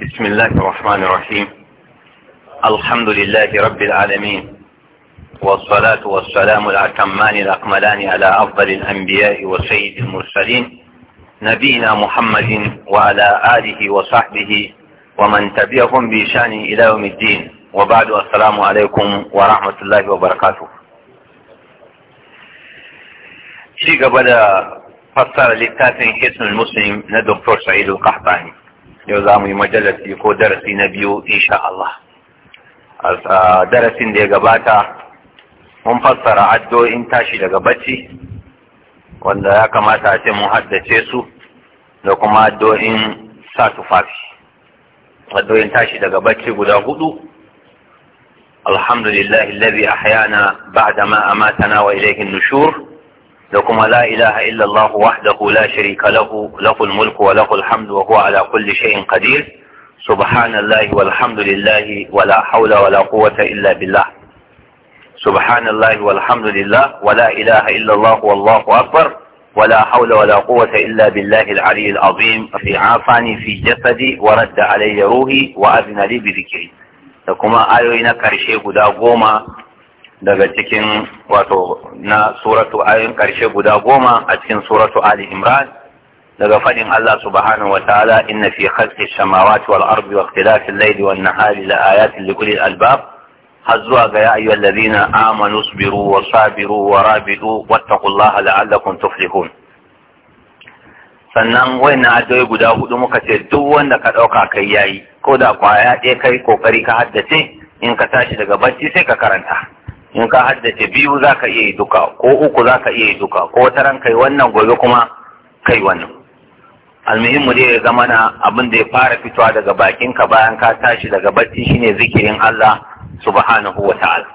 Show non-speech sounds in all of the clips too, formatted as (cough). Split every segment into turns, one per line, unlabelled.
بسم الله الرحمن الرحيم الحمد لله رب العالمين والصلاة والسلام الأتمان الأقملان على أفضل الأنبياء وسيد المرسلين نبينا محمد وعلى آله وصحبه ومن تبعهم بشان إلى يوم الدين وبعد السلام عليكم ورحمة الله وبركاته شيء قبل فصل لتاتين حسن المسلم ندكتور سعيد القحطاني yau za mu yi majalasi ko darasi na biyu insha Allah darasin da ya gabata mun fassara addu'o'in tashi daga bacci wanda ya kamata a ce mun haddace su da kuma addu'o'in sa tufafi addu'o'in tashi daga bacci guda hudu alhamdulillah alladhi ahyana ba'da ma amatana wa ilayhi nushur da kuma la ilaha illallah wahdahu la sharika lahu lahul mulku wa lahul hamdu wa huwa ala kulli shay'in qadir subhanallahi walhamdulillahi wala hawla wala quwwata illa billah subhanallahi walhamdulillah wala ilaha illallah wallahu akbar ولا حول ولا قوة إلا بالله العلي العظيم في عافاني في جسدي ورد علي روحي وأذن لي بذكري da kuma ayoyi na karshe guda goma daga cikin wato na suratu ayin karshe guda goma a cikin suratu ali imran daga fadin Allah subhanahu wataala inna fi khalqi samawati wal ardi wa ikhtilafi al-layli wan nahari la ayatin li kulli albab har zuwa ga ya ayyuhal ladina amanu sabiru wa sabiru wa rabidu wattaqullaha la'allakum tuflihun sannan wayannan addu'o'i guda hudu muka ce duk wanda ka dauka kai yayi ko da kwaya ɗaya kai kokari ka haddace in ka tashi daga bacci sai ka karanta in ka haddace biyu za ka iya yi duka ko uku za ka iya yi duka ko wata ran kai wannan gobe kuma kai wannan almuhimmu dai ya zama na abin da ya fara fitowa daga bakinka bayan ka tashi daga barci shine zikirin Allah subhanahu wa ta'ala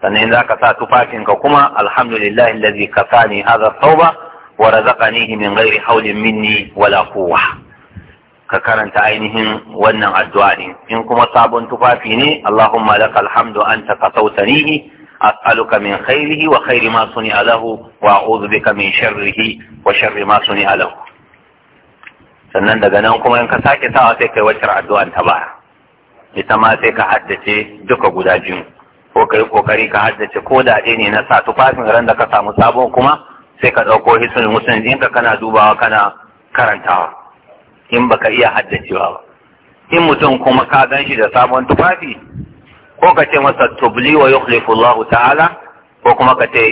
sannan za ka sa tufafinka kuma alhamdulillah allazi kasani hadha tauba wa razaqanihi min ghairi hawlin minni wala quwwa ka karanta ainihin wannan addu'a ne in kuma sabon tufafi ne Allahumma lakal hamdu anta qasawtanihi أسألك من خيره وخير ما صنع له وأعوذ بك من شره وشر ما صنع له sannan daga nan kuma in ka sake sawa sai kai wacce addu'an ta baya ita ma sai ka haddace duka guda biyu ko kai kokari ka haddace ko da ne na sa tufafin ran da ka samu sabon kuma sai ka dauko musulun in ɗinka kana dubawa kana karantawa in baka iya haddacewa ba in mutum kuma ka gan shi da sabon tufafi ko ka ce masa tubli wa yukhlifu Allah ta'ala ko kuma ka ce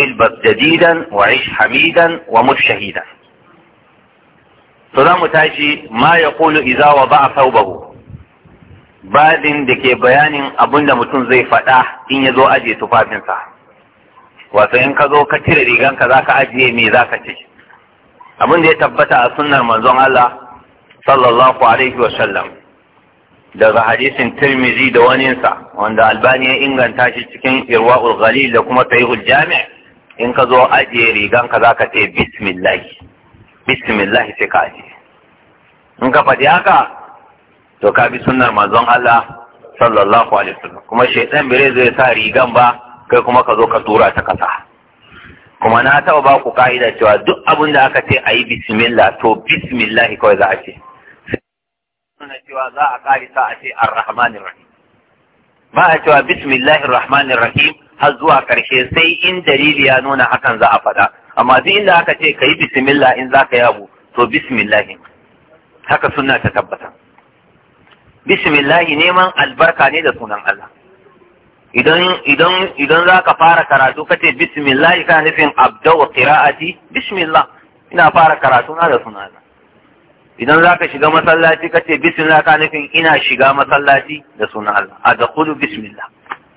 ilbas jadidan wa ish hamidan wa mut shahidan to za mu tashi ma yaqulu idza wada'a thawbahu badin da ke bayanin abinda mutum zai faɗa in ya zo ajiye tufafinsa wato in ka zo ka cire riganka za ka ajiye me za ka ce abin da ya tabbata a sunnar manzon Allah sallallahu alaihi wa sallam daga hadisin tirmizi da waninsa wanda albani ya inganta shi cikin irwa'ul ghalil da kuma sahihul jami' in ka zo ajiye rigan ka zaka ce bismillah bismillah sai ka ajiye in ka faɗi haka to ka bi sunnar manzon Allah sallallahu alaihi wasallam kuma shaytan bare zai sa rigan ba kai kuma ka zo ka tura ta kasa kuma na taɓa ba ku ka'ida cewa duk abin da aka ce ayi yi bismillah to bismillah kawai za a ce suna cewa za a karisa a ce ar-rahmanir rahim ba a cewa bismillahir rahmanir rahim har zuwa karshe sai in dalili ya nuna hakan za a faɗa amma duk inda aka ce ka yi bismillah in za ka yabo to bismillah haka suna ta tabbata bismillah neman albarka ne da sunan Allah idan idan idan za ka fara karatu ka ce bismillah kana nufin abda'u qira'ati bismillah ina fara karatu na da sunan Allah idan za ka shiga masallaci ka ce bismillah ka nufin ina shiga masallaci da sunan Allah a da kudu bismillah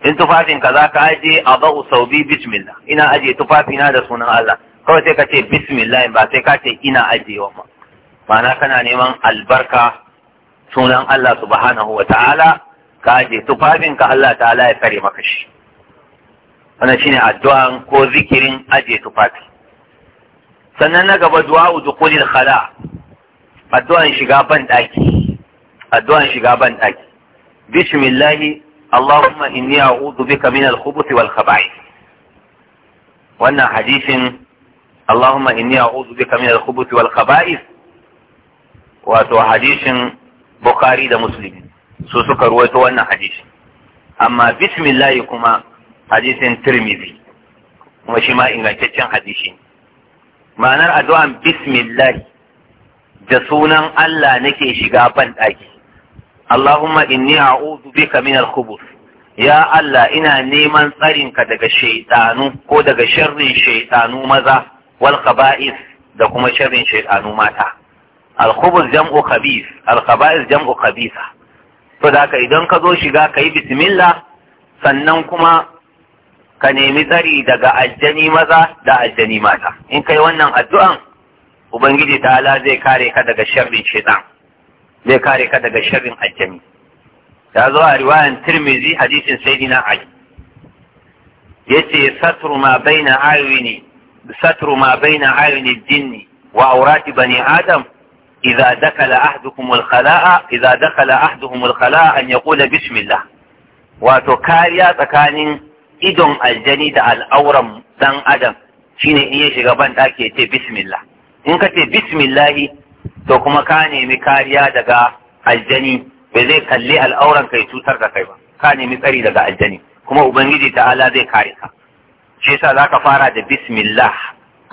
in tufafin ka za ka aje a ba'u sau bi bismillah ina aje tufafina da sunan Allah kawai sai ka ce bismillah ba sai ka ce ina ajewa ba ma'ana kana neman albarka sunan Allah subhanahu wa ta'ala ka aje tufafin ka Allah ta'ala ya kare maka shi wannan shine addu'an ko zikirin aje tufafi sannan na gaba du'a dukulil khala' addu'an shiga ban daki addu'an shiga ban daki bismillah allahumma inni a'udhu bika min al-khubuthi wal khaba'ith wannan hadisin allahumma inni a'udhu bika min al-khubuthi wal khaba'ith wato hadisin bukhari da muslim su suka ruwaito wannan hadisin amma bismillah kuma hadisin tirmidhi kuma shi ma ingantaccen hadisi ma'anar addu'an bismillah da sunan Allah nake shiga ban ɗaki Allahumma inni a'udhu bika min al ya Allah ina neman tsarinka daga shaitanu ko daga sharrin shaitanu maza wal qaba'is da kuma sharrin shaitanu mata al-khubuth jam'u khabith al-qaba'is jam'u khabitha to da ka idan ka zo shiga kai bismillah sannan kuma ka nemi tsari daga aljani maza da aljani mata in kai wannan addu'an Ubangiji ta ala zai kare ka daga sharrin shida, zai kare ka daga sharrin ajami. Ya zo a riwayan Tirmizi hadisin Saidina Ali. Yace satru ma baina ne satru ma baina ayuni jinni wa aurati bani Adam idza dakala ahdukum al-khala'a idza dakala ahduhum al-khala'a bismillah. Wato kariya tsakanin idon aljani da al'auran dan Adam shine in ya shiga ban ɗaki ya ce bismillah. in ka ce bismillahi to kuma ka nemi kariya daga aljani bai zai kalli al'auran kai cutar da kai ba ka nemi tsari daga aljani kuma ubangiji ta'ala zai kare ka shi yasa zaka fara da bismillah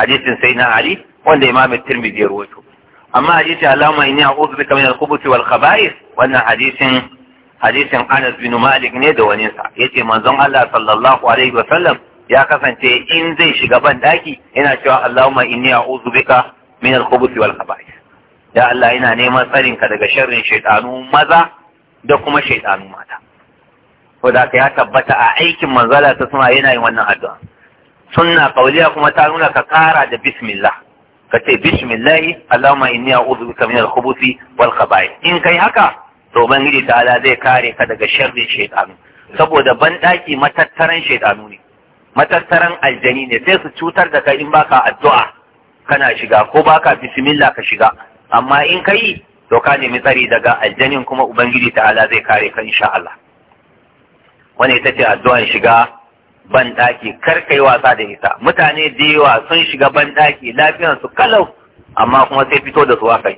hadisin sai na ali wanda imam at-tirmidhi ya rawaito amma hadisin allahumma inni a'udhu bika min al-khubuthi wal khaba'ith wannan hadisin hadisin Anas bin Malik ne da wani sa yace manzon Allah sallallahu alaihi wa sallam ya kasance in zai shiga ban daki yana cewa Allahumma inni a'udhu bika min al-khubuthi wal ya Allah ina neman tsarin ka daga sharrin shaytanu maza da kuma shaytanu mata ko da ka ya tabbata a aikin manzala ta suna yana yin wannan addu'a sunna qauliya kuma ta nuna ka kara da bismillah ka ce bismillah allahumma inni a'udhu bika min al-khubuthi wal khaba'ith in kai haka to ubangiji ala zai kare ka daga sharrin shaytanu saboda banɗaki matattaran shaitanu ne matattaran aljani ne sai su cutar da kai in baka addu'a kana shiga ko baka bismillah ka shiga amma in ka yi to ka nemi tsari daga aljanin kuma ubangiji ta'ala zai kare ka insha Allah wani ita ce addu'an shiga ban daki kar kai wasa da ita mutane da yawa sun shiga ban daki lafiyar su kalau amma kuma sai fito da su akai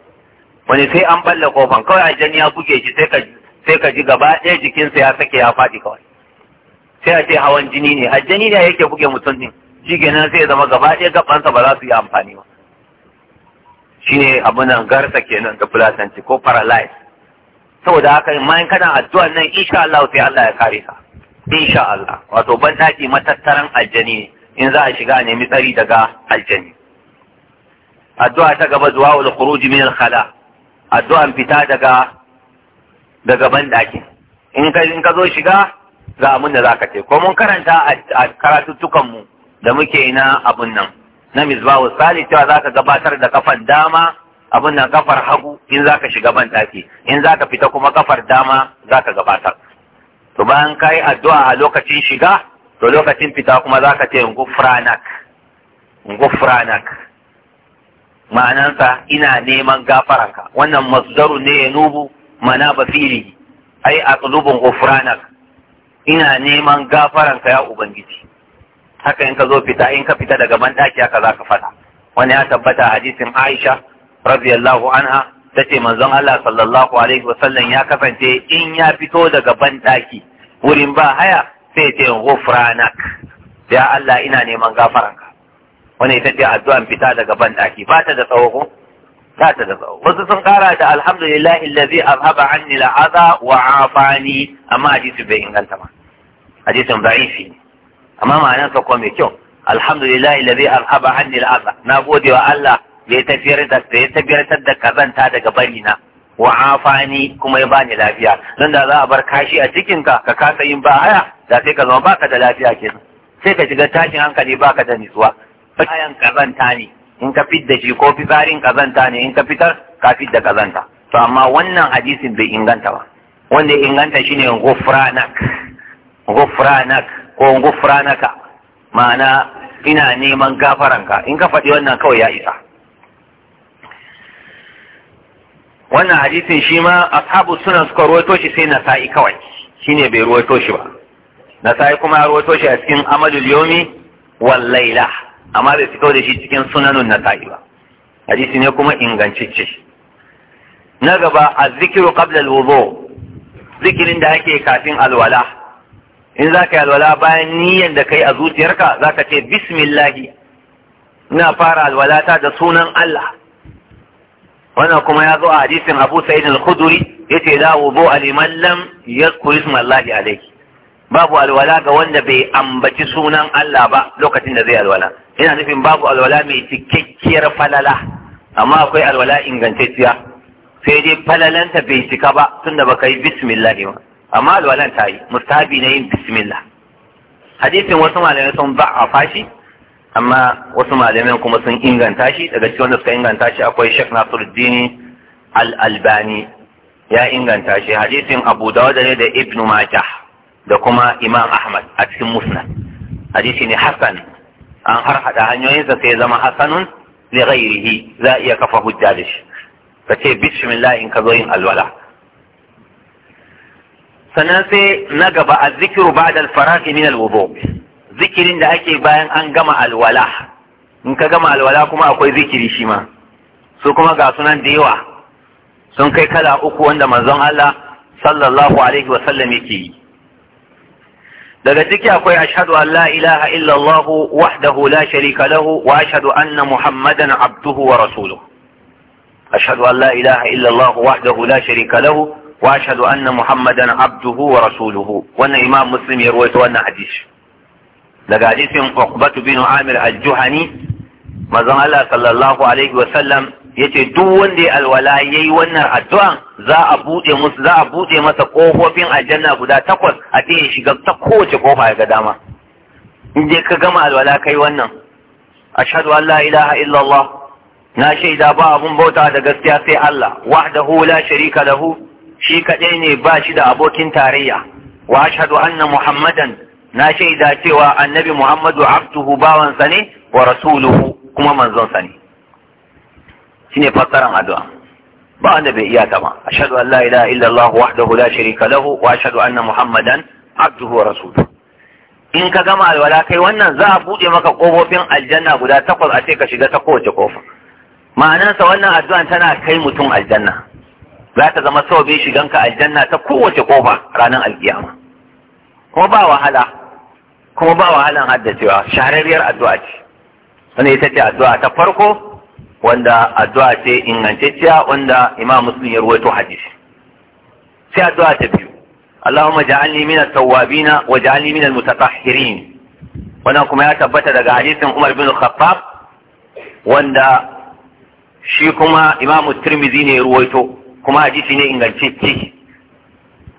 wani sai an balle kofan kawai aljani ya buge shi sai ka sai ka ji gaba ɗaya jikinsa ya sake ya faɗi kawai sai a ce hawan jini ne aljani ne yake buge mutum din shi kenan sai ya zama gaba ɗaya gabansa ba za su yi amfani ba Shi ne abin nan garsa kenan da fulatanci ko paralyze saboda haka ma in kana addu'a nan insha Allah sai Allah ya kare ka insha Allah wato ban taki matattaran aljani in za a shiga a nemi tsari daga aljani addu'a ta gaba zuwa ul khuruj min al khala addu'an fita daga daga ban daki in ka zo shiga za mun da zaka ce ko mun karanta a tukan mu da muke na abun nan na misbahu sali cewa zaka gabatar da kafar dama abun nan kafar hagu in zaka shiga ban in zaka fita kuma kafar dama zaka gabatar to bayan yi addu'a a lokacin shiga to lokacin fita kuma zaka ce ngufranak ngufranak ma'anansa ina neman gafaranka wannan masdaru ne ya nubu mana ba fili ai a tsudubin ina neman gafaranka ya ubangiji haka in ka zo fita in ka fita daga banɗaki haka za ka faɗa wani ya tabbata hadisin aisha radiyallahu anha ta ce manzon allah sallallahu alaihi wasallam ya kasance in ya fito daga banɗaki wurin ba haya sai ce ghufranak ya allah ina neman gafaranka wani ita ce addu'an fita daga banɗaki ba ta da tsawo ko ba ta da tsawo wasu sun kara da alhamdulillah allazi azhaba anni al'aza wa afani amma hadisi bai inganta ba hadisin da'ifi ne amma ma'anar sa kuma mai kyau alhamdulillah ilazi arhaba anni al'asa na gode wa Allah da ya tafiyar da ya tafiyar da kazanta daga bari na wa afani kuma ya bani lafiya nan da za a bar kashi a cikin ka ka kasa yin ba haya da sai ka zama baka da lafiya kenan sai ka shiga tashin hankali baka da nutsuwa bayan kazanta ne in ka fit da shi ko fitsarin kazanta ne in ka fitar ka fit da kazanta to amma wannan hadisin bai inganta ba wanda ya inganta shine gofranak. ko gufranaka ma'ana ina neman gafaranka in ka faɗi wannan kawai ya isa wannan hadisin shi ma ashabu suna suka ruwaito shi sai nasa'i kawai shine bai ruwaito shi ba nasa'i kuma ya ruwaito shi a cikin Amadu yomi wallaila laila amma bai fito da shi cikin sunanun nasa'i ba hadisi ne kuma ingancicce na gaba a zikiru qabla alwudu zikirin da ake kafin alwala in za ka yi alwala bayan niyyar da kai a zuciyarka za ka ce bismillahi ina fara alwalata da sunan Allah wannan kuma ya zo a hadisin Abu Sa'id al ya ce za wudu liman lam kuri isma Allah alayhi babu alwala ga wanda bai ambaci sunan Allah ba lokacin da zai alwala ina nufin babu alwala mai cikakkiyar falala amma akwai alwala ingantacciya sai dai falalanta bai cika ba tunda baka yi bismillah ba amma alwalan ta yi mustahabi na yin bismillah hadisin wasu malamai sun ba'afa fashi amma wasu malamai kuma sun inganta shi daga cikin wanda suka inganta shi akwai Sheikh Nasiruddin Al-Albani ya inganta shi hadisin Abu Dawud ne da Ibn Majah da kuma Imam Ahmad a cikin Musnad hadisi ne hasan an har hada hanyoyinsa sai zama hasanun li ghairihi za iya kafa hujja da shi kace bismillah in ka zo yin alwala sannan sai na gaba a zikiru ba da alfaraki min alwudu zikirin da ake bayan an gama alwala in ka gama alwala kuma akwai zikiri shi ma su kuma ga sunan da yawa sun kai kala uku wanda manzon Allah sallallahu alaihi wa sallam yake yi daga ciki akwai ashhadu an la ilaha illa Allah wahdahu la sharika lahu wa ashhadu anna muhammadan abduhu wa rasuluhu ashhadu an la ilaha illa Allah wahdahu la sharika lahu واشهد ان محمدا عبده ورسوله وان امام مسلم يروي وانا حديث لقى حديث عقبة بن عامر الجهني ما زال الله صلى الله عليه وسلم yace duk wanda ya alwala yayi wannan addu'an za a bude musu za a bude masa kofofin aljanna guda takwas a ce ya shiga ta kowace kofa ga dama in dai ka gama alwala kai wannan ashhadu an la ilaha illa allah na shaida ba abun bauta da gaskiya sai Allah wahdahu la sharika lahu shi kaɗai ne ba shi da abokin tarayya wa ashhadu anna muhammadan na shaida cewa annabi muhammadu abduhu bawansa ne wa rasuluhu kuma manzonsa ne shine fassaran addu'a ba wanda bai iya ta ba ashhadu an la ilaha illallah wahdahu la sharika lahu wa ashhadu anna muhammadan abduhu wa rasuluhu in ka gama alwala kai wannan za a buɗe maka ƙofofin aljanna guda takwas a ce ka shiga ta kowace ƙofa ma'anansa wannan addu'an tana kai mutum aljanna za ta zama sababin shiganka aljanna ta kowace kofa ranar alkiyama kuma ba wahala kuma ba wahalan haddacewa shahararriyar addu'a ce wanda ita ce addu'a ta farko wanda addu'a ce ingantacciya wanda imam muslim ya ruwaito hadisi sai addu'a ta biyu اللهم اجعلني من التوابين واجعلني من المتطهرين wannan kuma ya tabbata daga hadisin Umar bin Khattab wanda shi kuma Imam Tirmidhi ne ruwaito kuma hadisi ne ingantacce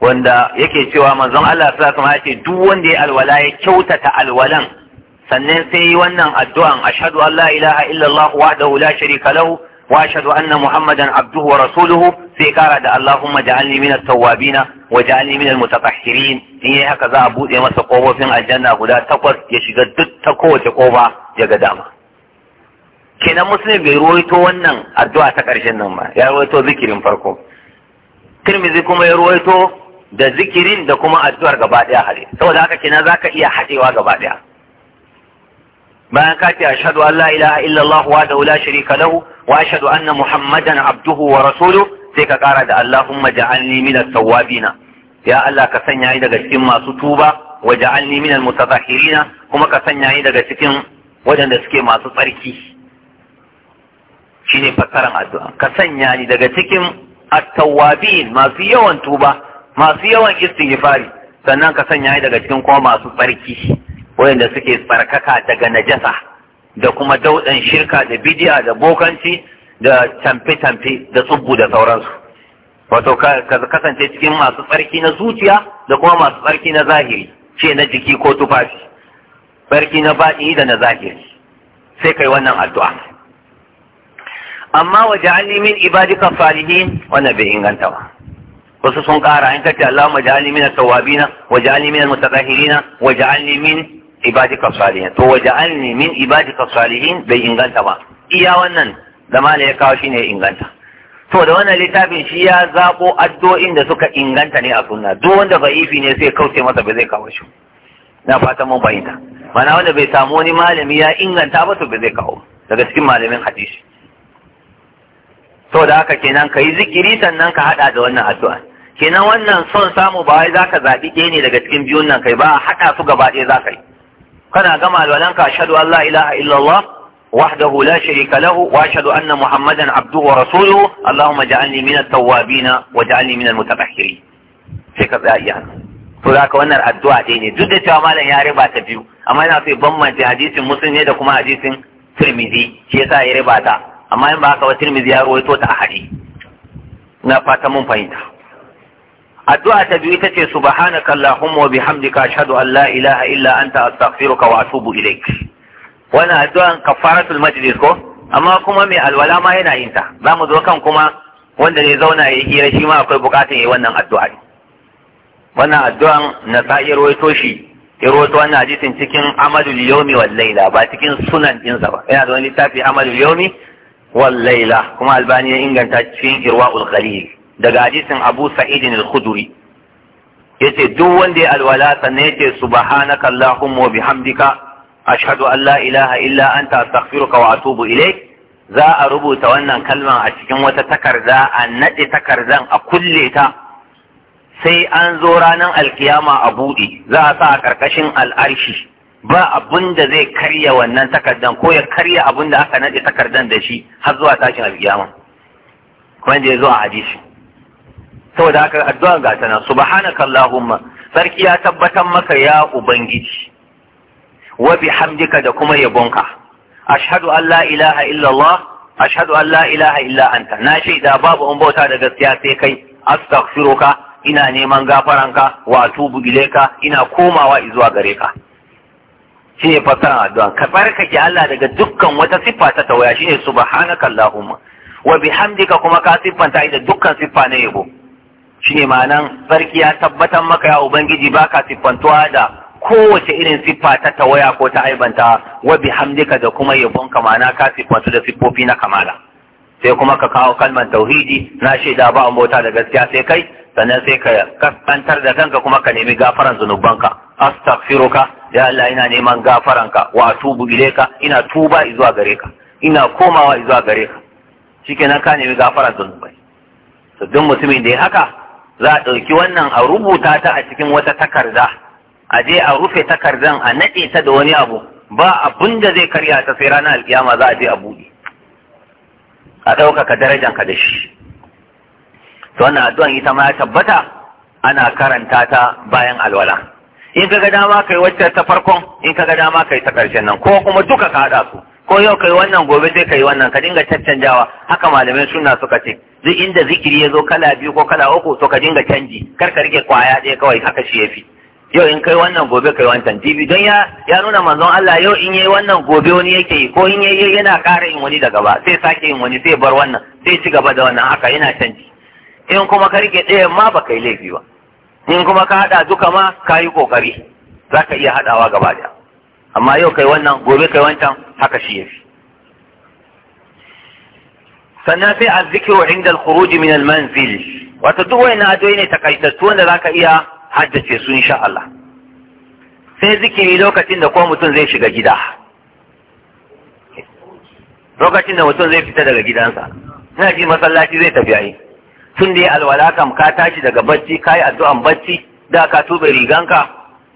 wanda yake cewa manzon Allah sallallahu alaihi wasallam duk wanda ya alwala ya kyautata alwalan sannan sai yi wannan addu'an ashhadu an la ilaha illallah wahdahu la sharika lahu wa ashhadu anna muhammadan abduhu wa rasuluhu sai kara da allahumma ja'alni minat tawwabina wa ja'alni minal mutatahhirin in yayi haka za a bude masa kofofin aljanna guda takwas ya shiga duk ta kowace kofa ya ga dama kenan muslim bai ruwaito wannan addu'a ta ƙarshen nan ba ya ruwaito zikirin farko tirmizi kuma ya ruwaito da zikirin da kuma addu'ar gaba ɗaya hade saboda haka kenan zaka iya haɗewa gaba ɗaya bayan ka ce ashhadu an la ilaha illallah wa la sharika lahu wa ashhadu anna muhammadan abduhu wa rasuluhu sai ka kara da allahumma ja'alni min at-tawwabina ya Allah ka sanya ni daga cikin masu tuba wa ja'alni min al-mutatahhirina kuma ka sanya ni daga cikin waɗanda suke masu tsarki shine fassarar addu'a ka sanya ni daga cikin at-tawwabin masu yawan tuba masu yawan istighfari sannan ka sanya ni daga cikin kuma masu tsarki wayanda suke tsarkaka daga najasa da kuma daudan shirka da bidiya da bokanci da tamfe-tamfe da tsubbu da sauransu wato ka kasance cikin masu tsarki na zuciya da kuma masu tsarki na zahiri ce na jiki ko tufafi tsarki na baɗi da na zahiri sai kai wannan addu'a amma waj'alni min ibadika salihin wannan bai inganta ba wasu sun kara in kace Allah waj'alni min at-tawwabina waj'alni min al-mutatahhirina waj'alni min ibadika salihin to waj'alni min ibadika salihin bai inganta ba iya wannan da mala ya kawo shine inganta to da wannan littafin shi ya zabo addu'o'in da suka inganta ne a sunna duk wanda ba'ifi ne sai kauce masa ba zai kawo shi na fata mun fahimta mana wanda bai samu wani malami ya inganta ba to ba zai kawo daga cikin malamin hadisi saboda haka kenan ka yi zikiri sannan ka haɗa da wannan addu'a kenan wannan son samu ba wai zaka zaɓi ɗaya ne daga cikin biyun nan kai ba a haɗa su gaba ɗaya zaka yi kana gama alwalan ka ashhadu an la ilaha illallah wahdahu la sharika lahu wa ashhadu anna muhammadan abduhu wa rasuluhu allahumma ja'alni min at-tawwabin wa ja'alni min al-mutatahhirin sai ka tsaya iya to zaka wannan addu'a ɗaya ne duk da cewa malam ya riba ta biyu amma yana so ya bambance hadisin muslim ne da kuma hadisin tirmidhi shi yasa ya riba ta amma in ba haka ba tirmidhi ya rawaito ta ahadi na fata mun fahimta addu'a ta biyu ita ce subhanaka allahumma wa bihamdika ashhadu an la ilaha illa anta astaghfiruka wa atubu ilaik wannan addu'an kafaratul majlis ko amma kuma mai alwala ma yana yin ta za mu zo kan kuma wanda ne zauna ya hira shi ma akwai bukatun yi wannan addu'a wannan addu'an na sa'i rawaito shi ya rawaito wannan hadisin cikin amalul yawmi wal Layla, ba cikin sunan dinsa ba yana da wani littafi amalul yawmi wallaila kuma albani ya inganta cikin irwa'ul khalil daga hadisin abu sa'idin al-khuduri yace duk wanda ya alwala sannan yace subhanaka allahumma hamdika, bihamdika ashhadu an la ilaha illa anta astaghfiruka wa atubu ilayk za a rubuta wannan kalman a cikin wata takarda a nade takardan a kulle ta sai an zo ranar alkiyama a buɗe za a sa a ƙarƙashin al'arshi ba abun da zai karya wannan takardan ko ya karya abun da aka naɗe takardan da shi har zuwa tashin alkiyama wanda ya zo a hadisi saboda haka addu'a ga ta nan subhanaka allahumma sarki ya tabbatar maka ya ubangiji wa bihamdika da kuma yabonka ashhadu an la ilaha illa allah ashhadu an la ilaha illa anta na shaida babu an bauta da gaskiya sai kai astaghfiruka ina neman gafaranka wa atubu ilaika ina komawa zuwa gare ka shi ne fassara addu'a ka tsarkake Allah daga dukkan wata siffa ta tawaya shi ne subhanaka Allahumma wa bihamdika kuma ka siffanta da dukkan siffa na yabo shi ne ma'anan sarki ya tabbatar maka ya ubangiji ba ka siffantuwa da kowace irin siffa ta tawaya ko ta aibanta wa bihamdika da kuma ka ma'ana ka siffantu da siffofi na kamala sai kuma ka kawo kalmar tauhidi na shaida ba a mota da gaskiya sai kai sannan sai ka kasantar da kanka kuma ka nemi gafaran zunubanka astaghfiruka ya Allah ina neman gafaranka wa atubu ilayka ina tuba zuwa gare ka ina komawa zuwa gare ka shikenan ka nemi gafaran zunubai to duk mutumin da ya haka za a ɗauki wannan a rubuta ta a cikin wata takarda a je a rufe takardan a naɗe ta da wani abu ba abun zai karya ta sai ranar alkiyama za a je a buɗe a ɗaukaka darajanka da shi to wannan addu'an ita ma ya tabbata ana karanta ta bayan alwala in ka ga dama kai wacce ta farkon in ka ga dama kai ta ƙarshen nan ko kuma duka ka haɗa su ko yau kai wannan gobe sai kai wannan ka dinga caccanjawa haka malamai suna suka ce duk inda zikiri ya zo kala biyu ko kala uku to ka dinga canji kar ka rike kwaya ɗaya kawai haka shi yafi yau in kai wannan gobe kai wancan jibi don ya ya nuna manzon Allah yau in yayi wannan gobe wani yake yi ko in yayi yana ƙara yin wani daga ba sai sake yin wani sai bar wannan sai ci gaba da wannan haka yana canji in kuma ka rike ɗaya ma ba kai laifi ba in kuma ka haɗa duka ma ka yi ƙoƙari za ka iya haɗawa gaba daya amma yau kai wannan gobe kai wancan haka shi yafi sannan sai a zikiro inda alkhuruji min almanzil wato duk wani adoyi ne takaitattu wanda za ka iya haddace su insha Allah sai zikiri lokacin da ko mutum zai shiga gida lokacin da mutum zai fita daga gidansa ina ji masallaci zai tafi yi. tun da ya alwala kam ka tashi daga bacci ka yi addu'an bacci da ka tube riganka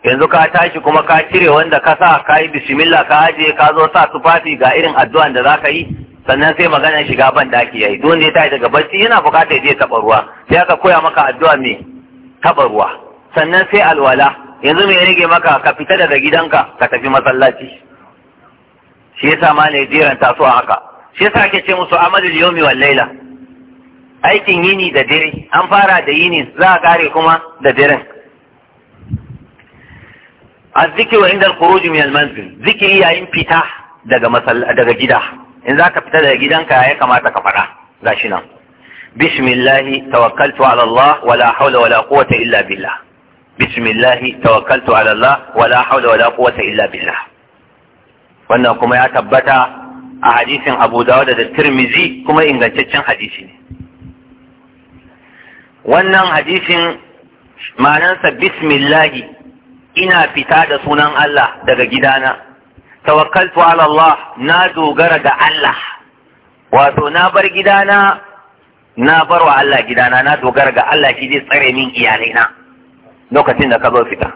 yanzu ka tashi kuma ka cire wanda ka sa ka yi bismillah ka ajiye ka zo sa tufafi ga irin addu'an da za ka yi sannan sai maganar shiga ban daki yayi don da ya tashi daga bacci yana bukatar ya je taɓa ruwa sai aka koya maka addu'a mai taɓa ruwa sannan sai alwala yanzu mai rage maka ka fita daga gidanka ka tafi masallaci shi yasa ma ne jiran su a haka shi yasa ake ce musu amalul yawmi wal laila aikin yini da dare an fara da yini za a kare kuma da daren wa inda al-khuruj min al-manzil zikiri yayin fita daga daga gida in zaka fita daga gidanka ya kamata ka fada gashi nan bismillah tawakkaltu ala Allah wala hawla wala quwwata illa billah bismillah tawakkaltu ala Allah wala hawla wala quwwata illa billah wannan kuma ya tabbata a hadisin Abu Dawud da Tirmidhi kuma ingantaccen hadisi ne wannan hadisin ma'anansa bismillahi ina fita da sunan Allah daga gidana tawakkaltu ala Allah na dogara ga Allah wato na bar gidana na bar wa Allah gidana na dogara ga Allah shi zai tsare min iyalaina lokacin da ka zo fita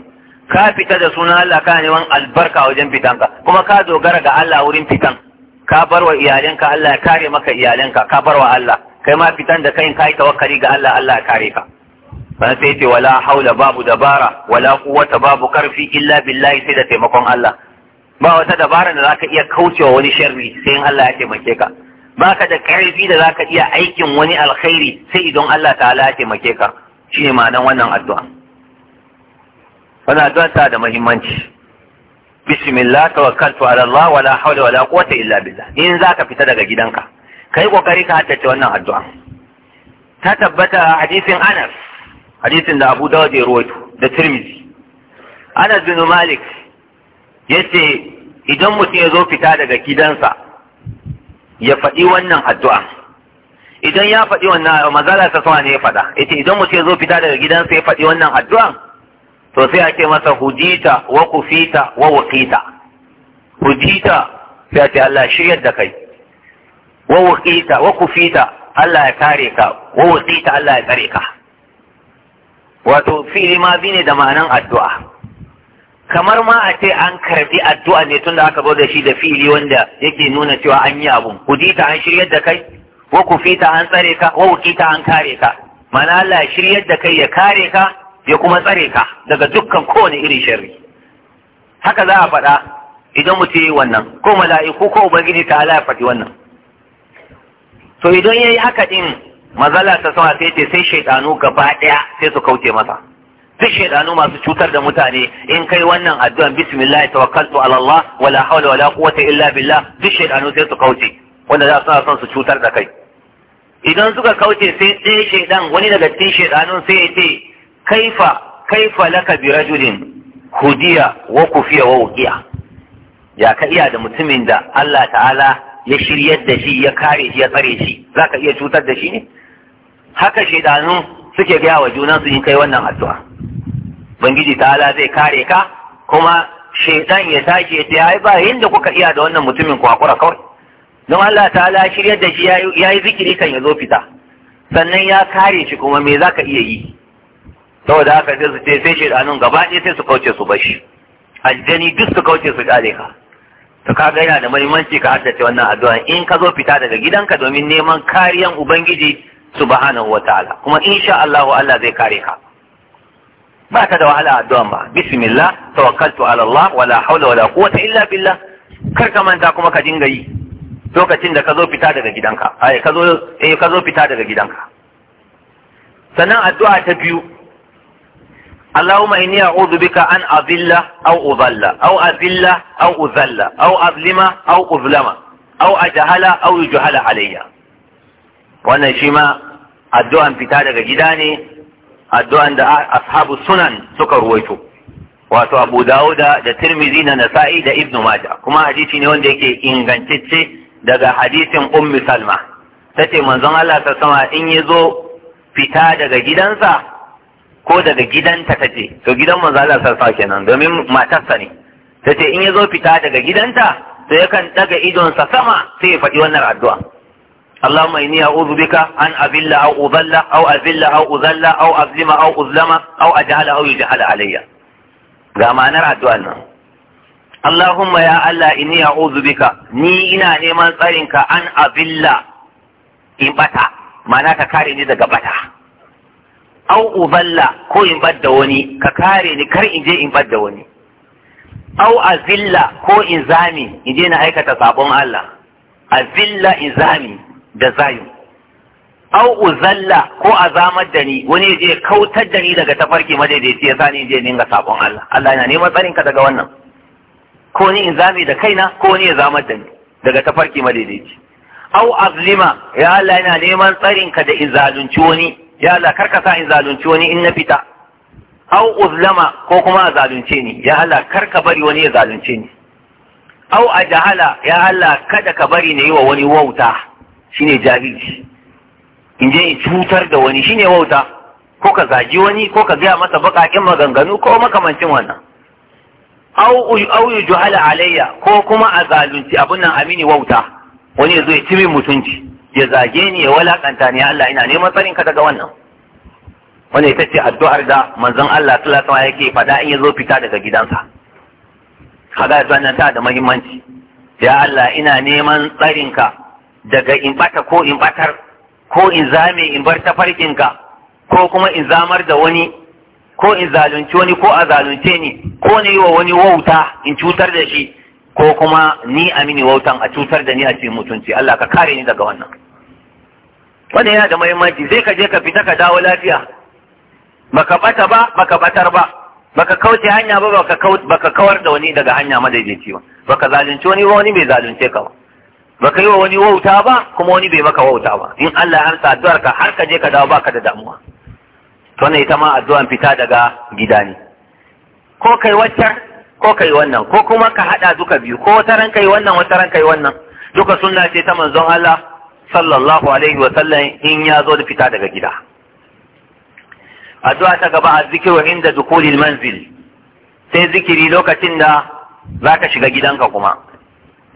ka fita da sunan Allah ka neman albarka wajen fitanka kuma ka dogara ga Allah wurin fitan ka bar wa iyalinka Allah ya kare maka iyalinka ka bar wa Allah kai ma fitan da kai kai tawakkali ga Allah Allah kare ka ba sai ce wala haula babu dabara wala quwwata babu karfi illa billahi sai da taimakon Allah ba wata dabara da zaka iya kaucewa wani sharri sai in Allah ya taimake ka Ba ka da karfi da zaka iya aikin wani alkhairi sai idan Allah ta'ala ya taimake ka shine ma'anar wannan addu'a wannan addu'a ta da muhimmanci bismillah tawakkaltu ala Allah wala hawla wala quwwata illa billah in zaka fita daga gidanka kai kokari ka haddace wannan addu'a ta tabbata a hadisin Anas hadisin da Abu Dawud ya rawaito da Tirmidhi Anas bin Malik yace idan mutum ya zo fita daga gidansa ya faɗi wannan addu'a idan ya faɗi wannan mazala ta sama ne ya faɗa yace idan mutum ya zo fita daga gidansa ya faɗi wannan addu'a to sai ake masa hujita wa kufita wa wakita. hujita sai ce Allah shiryar da kai wa wa kufita Allah ya kare ka wa wakita Allah ya tsare ka wato fili ma bi ne da ma'anan addu'a kamar ma a ce an karbi addu'a ne tunda aka zo da shi da fili wanda yake nuna cewa an yi abun kudita an shiryar da kai wa kufita an tsare ka wa an kare ka mana Allah ya shiryar da kai ya kare ka ya kuma tsare ka daga dukkan kowane irin sharri haka za a faɗa idan mutum yi wannan ko mala'iku ko ubangiji ta Allah ya faɗi wannan to idan yayi haka din mazala ta sama sai ce sai shaidanu gaba ɗaya sai su kauce masa duk shaidanu masu cutar da mutane in kai wannan addu'an bismillah tawakkaltu ala Allah wala hawla wala quwwata illa billah duk shaidanu sai su kauce wanda za su son su cutar da kai idan suka kauce sai ɗaya shaidan wani daga cikin shaidanun sai ya ce kaifa kaifa laka bi rajulin hudiya wa kufiya wa uqiya ya ka iya da mutumin da Allah ta'ala ya shiryar da shi ya kare shi ya tsare shi za ka iya cutar da shi ne haka shaidanu suke gaya wa junansu in kai wannan addu'a bangiji ala zai kare ka kuma shaidan ya tashi ya yi ba yinda kuka iya da wannan mutumin ku kawai don Allah ta ala shiryar da shi ya yi zikiri kan ya zo fita sannan ya kare shi kuma me za ka iya yi saboda haka sai su ce sai shaidanun gaba ɗaya sai su kauce su bashi aljani duk su kauce su kale ka to ga yana da muhimmanci ka haddace wannan addu'a in ka zo fita daga gidanka domin neman kariyan ubangiji subhanahu wataala kuma insha Allah Allah zai kare ka ba ta da wahala addu'an ba bismillah tawakkaltu ala Allah wala hawla wala quwwata illa billah kar ka manta kuma ka dinga yi lokacin da ka zo fita daga gidanka ai ka zo eh ka zo fita daga gidanka sannan addu'a ta biyu Allahumma inni a'udhu bika an azilla aw udalla aw azilla aw uzalla aw azlima au uzlama aw ajhala aw yujhala alayya wannan shi ma addu'an fita daga gida ne addu'an da ashabu sunan suka ruwaito wato Abu Dawuda da Tirmidhi na Nasa'i da Ibn Mada. kuma hadisi ne wanda yake ingantacce daga hadisin Ummi Salma tace manzon Allah ta sama in zo fita daga gidansa ko daga gidanta ta ce to gidan manzo Allah sarfa kenan domin matarsa ne ta ce in ya zo fita daga gidanta to yakan daga idonsa sama sai ya faɗi wannan addu'a اللهم إني أعوذ بك an abilla أو أضل أو azilla أو أذل أو azlima أو uzlama أو ajala أو يجهل alayya. ga ma'anar addu'an nan. Allahumma ya Allah inni a'udhu bika ni ina neman tsarinka an abilla in bata, mana ka kare ni daga bata. au uballa ko in badda wani ka kare ni kar in je in badda wani au azilla ko in zami in je na aikata sabon Allah azilla in zami da zayu au uzalla ko azamar da ni wani je kautar da ni daga tafarki madaidaici ya sa ni je ninga sabon Allah Allah yana neman tsarin ka daga wannan ko ni in zami da kaina ko ni ya zamar da ni daga tafarki madaidaici au azlima ya Allah yana neman tsarin ka da in zalunci wani ya Allah karka sa in zalunci wani in na fita au uzlama ko kuma a zalunce ni ya Allah karka bari wani ya zalunce ni au a jahala ya Allah kada ka bari na yi wa wani wauta shine jahili in je in cutar da wani shine wauta ko ka zagi wani ko ka gaya masa bakakin maganganu ko makamancin wannan au au yujuhala alayya ko kuma a zalunci abun nan amini wauta wani ya zo ya ci min mutunci ya zage ni ya walakanta ni Allah ina neman tsarin ka daga wannan Wani ita ce addu'ar da manzon Allah sallallahu alaihi yake faɗa in ya zo fita daga gidansa kaga wannan ta da muhimmanci ya Allah ina neman tsarin ka daga in bata ko in batar ko in zame in bar tafarkin ka ko kuma in zamar da wani ko in zalunci wani ko a zalunce ni ko ne yi wa wani wauta in cutar da shi ko kuma ni amini wautan a cutar da ni a cikin mutunci Allah ka kare ni daga wannan wannan yana da mahimmanci, sai ka je ka fita ka dawo lafiya baka bata ba baka batar ba baka kauce hanya ba baka baka kawar da wani daga hanya madaidaici ba baka zalunci wani ba wani bai zalunce ka ba baka yi wa wani wauta ba kuma wani bai maka wauta ba in Allah ya amsa addu'ar ka har ka je ka dawo baka da damuwa to ne ita ma addu'an fita daga gida ne ko kai waccan ko kai wannan ko kuma ka hada duka biyu ko wata ran kai wannan wata ran kai wannan duka sunna ce ta manzon Allah sallallahu alaihi wa sallam in ya zo da fita daga gida addu'a ta gaba a azzikiru inda dukulil manzil sai zikiri lokacin da zaka shiga gidanka kuma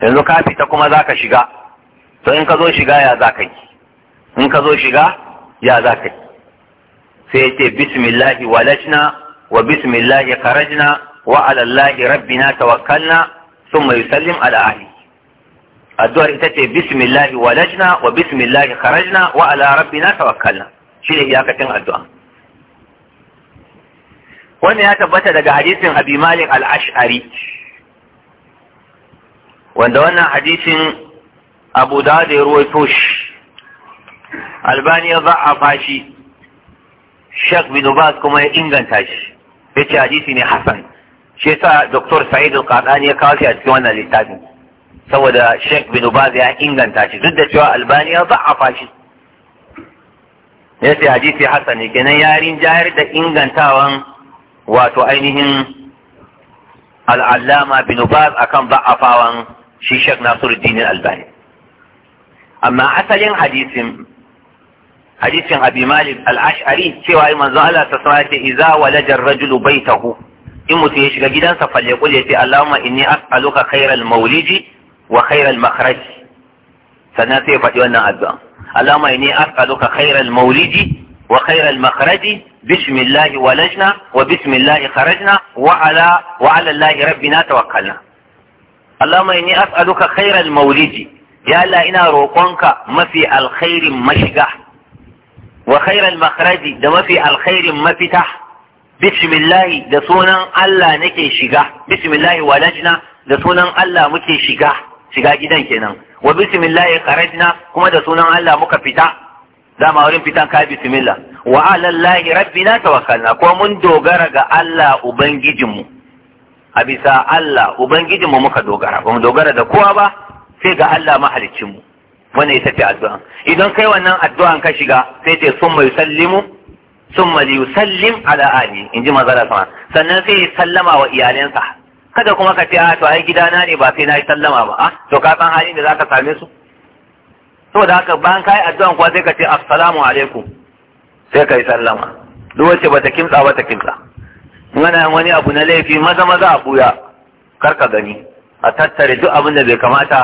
yanzu ka fita kuma zaka shiga to in ka zo shiga ya zaka yi in ka zo shiga ya zaka yi sai yace bismillahi walajna wa bismillahi kharajna wa ala allahi rabbina tawakkalna thumma yusallim ala ahli addu'ar ita ce bismillahi walajna wa bismillahi kharajna wa ala rabbina tawakkalna shine iyakacin addu'a wannan ya tabbata daga hadisin abi malik al-ash'ari wanda wannan hadisin abu da ya ruwaito shi albani ya za'afa shi shek bin bas kuma ya inganta shi ya ce hadisi ne hassan shi yasa doktor sa'id al-qadani ya kawo shi a cikin wannan littafin سودا شيك بن بازيا انغان تاشي ضد شو البانيا ضعف شي نسي حديث حسن كان يارين جاهر ده انغان تاوان واتو اينهم العلامه بن باز اكن ضعفاوان شي شيخ ناصر الدين الالباني اما اصل حديث حديث ابي مالك الاشعري سوى ما زال تسمعك اذا ولد الرجل بيته يموت يشغل جدا فليقول يتي اللهم اني اسالك خير المولد wa khairal makhraj sannan sai faɗi wannan addu'a Allahumma inni as'aluka khairal mawlidi wa khairal makhraji bismillahi walajna wa bismillahi kharajna wa ala wa ala Allah rabbina tawakkalna Allahumma inni as'aluka khairal mawlidi ya Allah ina roƙonka mafi alkhairin mashiga wa khairal makhraji da mafi alkhairin mafita bismillahi da sunan Allah nake shiga bismillahi walajna da sunan Allah muke shiga shiga gidan kenan wa bismillahi kharajna kuma da sunan Allah muka fita dama wurin fitan ka bismillah wa ala allahi rabbina tawakkalna ko mun dogara ga Allah ubangijinmu a bisa Allah ubangijinmu muka dogara ba mu dogara da kowa ba sai ga Allah mahaliccinmu wannan ita ce addu'a idan kai wannan addu'an ka shiga sai ce summa yusallimu summa yusallim ala ali in ji manzala sama sannan sai sallama wa iyalansa. kada kuma ka ce a ah, to ai gidana ne ba sai na yi sallama ba a ah, to ka san halin da zaka same su saboda haka bayan kai addu'an kuwa sai ka ce assalamu alaikum sai ka yi sallama duk wacce ba ta kimtsa ba ta kimtsa in ana wani abu na laifi maza maza a buya kar ka gani a tattare duk abin da bai kamata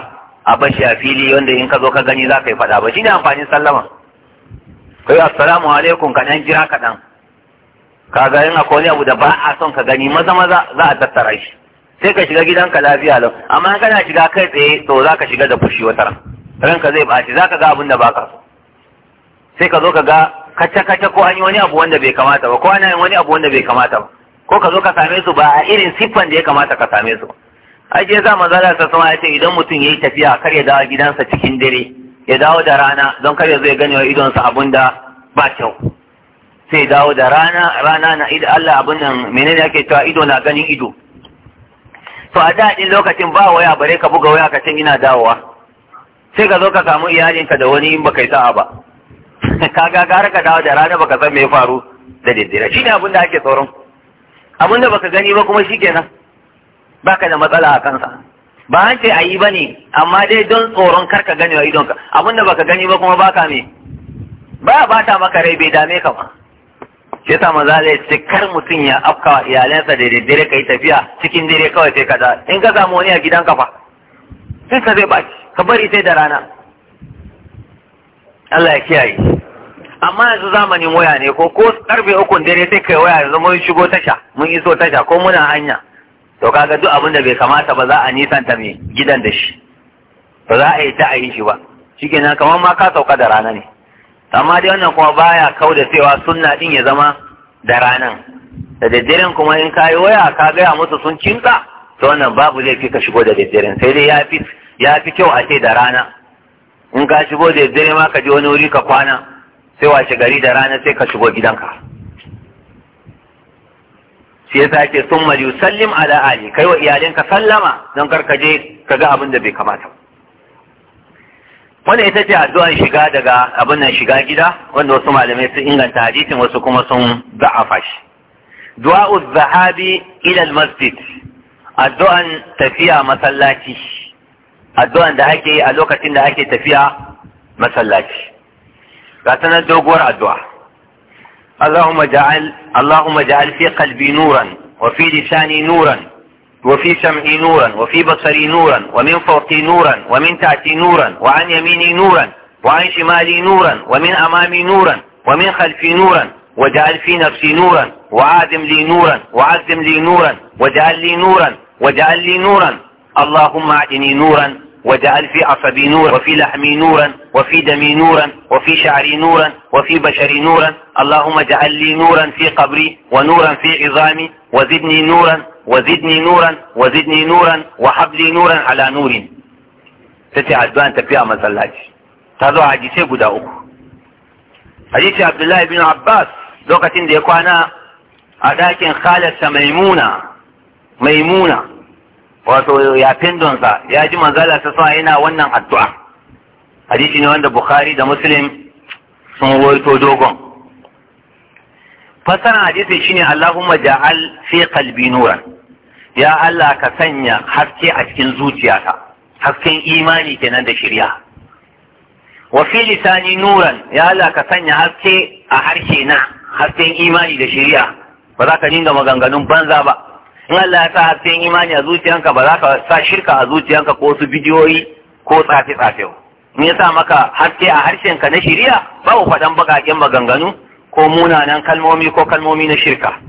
a bashi a fili wanda in ka zo ka gani za ka yi faɗa ba shine amfanin sallama kai assalamu alaikum ka dan jira kaɗan ka ga yin akwai wani abu da ba a son ka gani maza maza za a tattara shi sai ka shiga gidanka lafiya lau amma kana shiga kai tsaye to za ka shiga da fushi wata ran ranka zai ɓaci za ka ga abin da baka so sai ka zo ka ga kace-kace ko an yi wani abu wanda bai kamata ba ko ana yin wani abu wanda bai kamata ba ko ka zo ka same su ba a irin siffan da ya kamata ka same su ai je za manzo Allah sama ya ce idan mutum yayi tafiya kar ya dawo gidansa cikin dare ya dawo da rana don kar ya zo ya gani wa idonsa abun da ba kyau sai dawo da rana rana na ido Allah abun nan menene ake cewa ido na ganin ido to a daɗin lokacin ba waya bare ka buga waya ka ina dawowa sai ka zo ka samu iyalinka da wani in baka yi sa'a ba (laughs) ka ga gara ka dawo da rana baka san me ya faru da daddare shine abin da ake tsoron abin da baka gani ba kuma shikenan baka da matsala a kansa ba an ce ayi bane amma dai don tsoron kar ka gani wa idonka abin da baka gani ba kuma baka me ba ba ta maka rai bai dame ka ba shi yasa maza zai ce kar mutum ya afka iyalansa da daddare ka yi tafiya cikin dare kawai sai ka dawo. in ka samu wani a gidan fa sai ka zai baki ka bari sai da rana Allah ya kiyaye amma yanzu zamanin waya ne ko ko karfe ukun dare sai kai waya yanzu mun shigo tasha mun iso tasha ko muna hanya to kaga duk abin da bai kamata ba za a nisanta mai gidan da shi ba za a yi ta a yi shi ba kenan kamar ma ka sauka da rana ne amma dai wannan kuma baya kau da cewa sunna din ya zama da ranan da daddaren kuma in ka yi waya ka gaya musu sun kinka to wannan babu laifi ka shigo da daddaren sai dai ya fi ya fi kyau a ce da rana in ka shigo da daddare ma ka je wani wuri ka kwana sai washe gari da rana sai ka shigo gidanka shi yasa yake sun mali sallim ala ali kai wa iyalinka sallama don kar ka je ka ga abin da bai kamata ba wannan ita ce addu'an shiga daga abin nan shiga gida wanda wasu malamai sun inganta hadisin wasu kuma sun da'afa shi du'a'u zahabi ila masjid addu'an tafiya masallaci addu'an da ake yi a lokacin da ake tafiya masallaci ga sanar doguwar addu'a اللهم اجعل اللهم اجعل في قلبي نورا وفي لساني نورا وفي سمعي نورا وفي بصري نورا ومن فوقي نورا ومن تحتي نورا وعن يميني نورا وعن شمالي نورا ومن أمامي نورا ومن خلفي نورا وجعل في نفسي نورا وعادم لي نورا وعزم لي نورا وجعل لي نورا وجعل لي نورا اللهم اعدني نورا وجعل في عصبي نورا وفي لحمي نورا وفي دمي نورا وفي شعري نورا وفي بشري نورا اللهم اجعل لي نورا في قبري ونورا في عظامي وزدني نورا وزدني نورا وزدني نورا وهب نورا على نور tace addu'an tafiya masallaci ta zo hadisai guda uku hadisi Abdullahi bin Abbas lokacin da ya kwana a ɗakin khalarsa maimuna maimuna wato ya findonsa ya ji manzala ta sa yana wannan addu'a hadisi ne wanda Bukhari da Muslim sun rawaito dogon fasaran hadisi shine Allahumma ja'al fi qalbi nuran ya Allah ka sanya haske a cikin zuciyata hasken imani kenan da shirya wa fi lisani nuran ya Allah ka sanya haske a harshe na hasken imani da shirya ba za ka dinga maganganun banza ba in Allah ya sa hasken imani a zuciyanka ba za ka sa shirka a zuciyanka ko su bidiyoyi ko tsafe tsafe in ya sa maka haske a harshenka na shirya Ba babu faɗan baƙaƙen maganganu ko munanan kalmomi ko kalmomi na shirka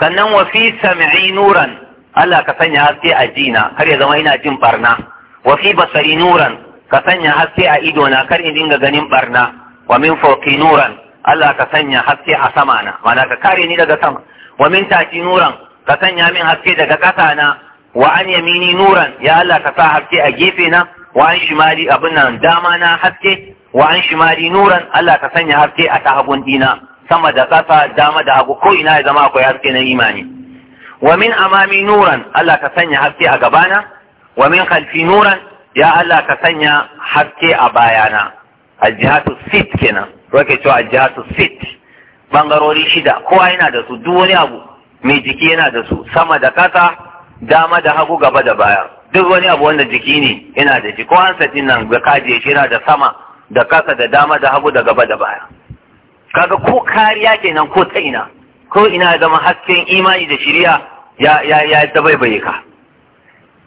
sannan wa fi sam'i nuran Allah ka sanya haske a jina kar ya zama ina jin barna wa fi basari nuran ka sanya haske a idona kar in dinga ganin barna wa min fawqi nuran Allah ka sanya haske a sama na mana ka kare ni daga sama wa min nuran ka sanya min haske daga ƙasa na wa an yamini nuran ya Allah ka sa haske a gefe na wa an shimali abin nan dama na haske wa an shimali nuran Allah ka sanya haske a ta hagun dina sama da ƙasa dama da hagu ko ina ya zama akwai haske na imani wa min amami nuran Allah ka sanya haske a gabana wa min khalfi nuran ya Allah ka sanya haske a bayana aljihatu sit kenan roke cewa aljihatu sit bangarori shida kowa yana da su duk wani abu mai jiki yana da su sama da kasa dama da hagu gaba da baya duk wani abu wanda jiki ne yana da shi ko hansa din nan ga kaje shi yana da sama da kasa da dama da hagu da gaba da baya kaga ko kariya kenan ko ta ina ko ina zama hasken imani da shirya ya ya ya bai ka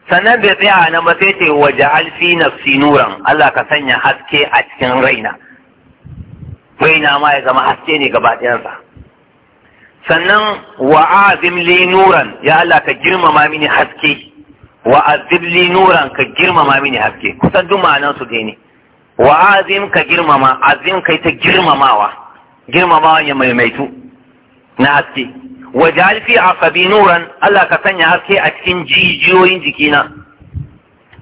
sannan bai tsaya nan ba sai ce waje alfi na sinuran Allah ka sanya haske a cikin raina raina ma ya zama haske ne gaba ɗayansa sannan wa azim li nuran ya Allah ka girmama mini haske wa azim li nuran ka girmama mini haske kusan duk ma'anan su ne wa azim ka girmama azim kai ta girmamawa girmamawa ya maimaitu na haske waj'al a asabi nuran Allah ka sanya haske a cikin jijiyoyin jikina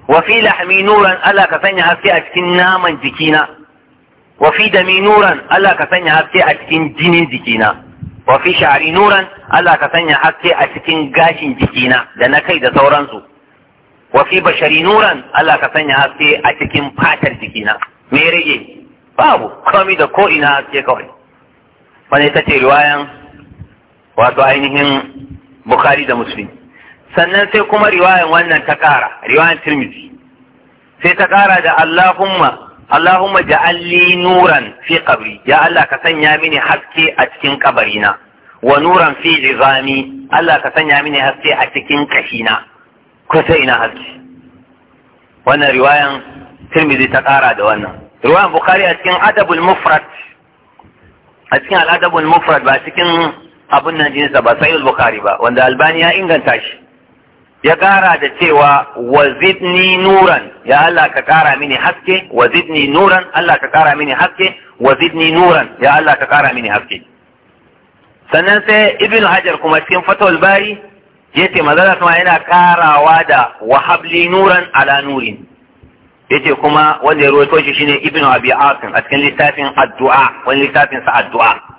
wa fi lahmi nuran Allah ka sanya haske a cikin naman jikina wa fi dami nuran Allah ka sanya haske a cikin jinin jikina wa fi sha'ri nuran Allah ka sanya haske a cikin gashin jikina da na kai da sauransu wa fi bashari nuran Allah ka sanya haske a cikin fatar jikina me rage babu komai da ko ina haske kawai wani ita ce riwayan wato ainihin bukhari da Musulmi. sannan sai kuma riwayan wannan ta kara riwayan tirmidhi sai ta kara da allahumma allahumma ja'alli nuran fi qabri ya allah ka sanya mini haske a cikin kabarina wa nuran fi izami allah ka sanya mini haske a cikin kashina kusa ina haske wannan riwayan tirmidhi ta kara da wannan riwayan bukhari a cikin adabul mufrad a cikin al'adabul mufrad ba cikin abin nan jinsa ba sai bukari ba wanda albani ya inganta shi ya kara da cewa wazidni nuran ya Allah ka kara mini haske wazidni nuran Allah ka kara mini haske wazidni nuran ya Allah ka kara mini haske sannan sai ibn hajar kuma cikin fatawul bari yace manzala kuma yana karawa da wahabli nuran ala nurin yace kuma wanda ya rawaito shi shine ibn abi asim a cikin littafin addu'a wani littafin sa addu'a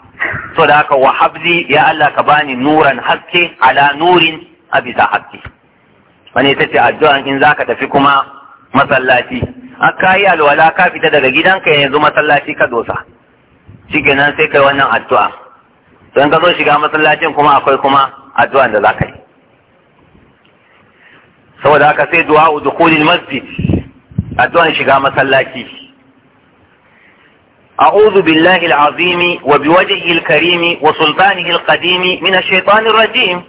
so da haka wa habli ya Allah ka bani nuran haske ala nurin a bisa haske wani ita ce addu'an in zaka tafi kuma masallaci an ka yi alwala ka fita daga gidanka yanzu masallaci ka dosa shikenan sai kai wannan addu'a don ka zo shiga masallacin kuma akwai kuma addu'an da ka yi saboda haka sai du'a dukhulil masjid addu'an shiga masallaci أعوذ بالله العظيم وبوجهه الكريم وسلطانه القديم من الشيطان الرجيم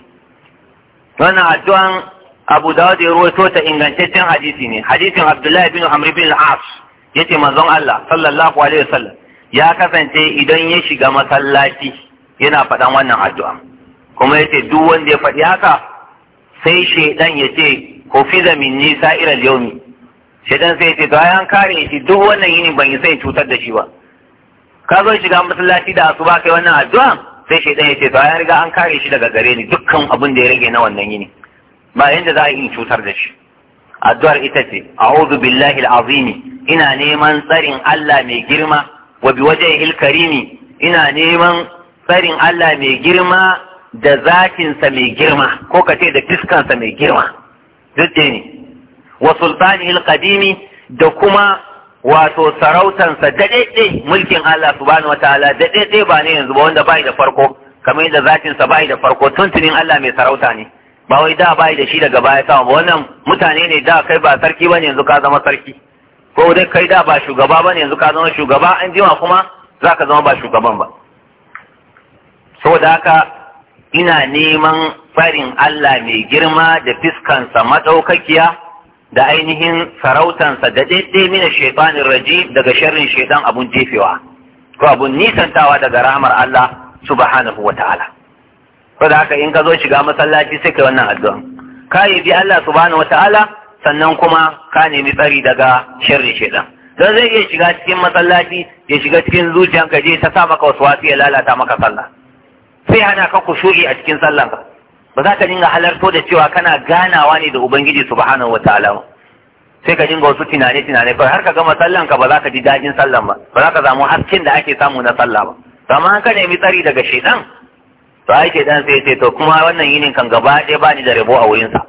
وانا أدعى أبو داود يروي توتا إن كان حديثني حديث عبد الله بن عمرو بن العاص يتي مزون الله صلى الله عليه وسلم ya kasance idan ya shiga masallaci yana faɗan wannan addu'a kuma yace duk wanda ya faɗi haka sai shaidan ya ce ko fi zamin nisa iral yaumi shaidan sai ya ce to an kare shi duk wannan yini ban yi sai cutar da shi ba ka zo shiga masallaci da asuba kai wannan addu'a sai shaidan ya ce to ya riga an kare shi daga gare ni dukkan abin da ya rage na wannan yini ba yanda za a yi cutar da shi addu'ar ita ce a'udhu billahi ina neman tsarin Allah mai girma wa bi wajhihil karimi ina neman tsarin Allah mai girma da zakinsa mai girma ko ka ce da fiskansa mai girma duk ne wa sultani qadimi da kuma wato sarautansa daɗaɗe mulkin Allah subhanahu wataala daɗaɗe ba ne yanzu ba wanda bai da farko kamar yadda sa bai da farko tuntunin Allah mai sarauta ne ba wai da bai da shi daga baya sama ba wannan mutane ne da kai ba sarki bane yanzu ka zama sarki ko dai kai da ba shugaba bane yanzu ka zama shugaba an jima kuma za ka zama ba shugaban ba saboda haka ina neman farin Allah mai girma da fiskansa madaukakiya da ainihin sarautansa da daidai mina shaitanin raji daga sharrin shaitan abun jefewa ko abun nisantawa daga ramar Allah subhanahu wa ta'ala ko da haka in ka zo shiga masallaci sai kai wannan addu'a ka yi bi Allah subhanahu wa ta'ala sannan kuma ka nemi tsari daga sharrin shaitan don zai iya shiga cikin masallaci ya shiga cikin zuciyanka je ta sa maka wasu wasu ya lalata maka sallah sai hana ka kushuri a cikin sallah. ba za ka dinga halarto da cewa kana ganawa ne da ubangiji subhanahu wataala ba sai ka dinga wasu tunane tunane ba har ka gama sallan ka ba za ka ji dajin sallan ba ba za ka samu hasken da ake samu na sallah ba to amma an ka nemi tsari daga shedan to ai shedan sai ce to kuma wannan yinin kan gaba ɗaya ba ni da rabo a wurinsa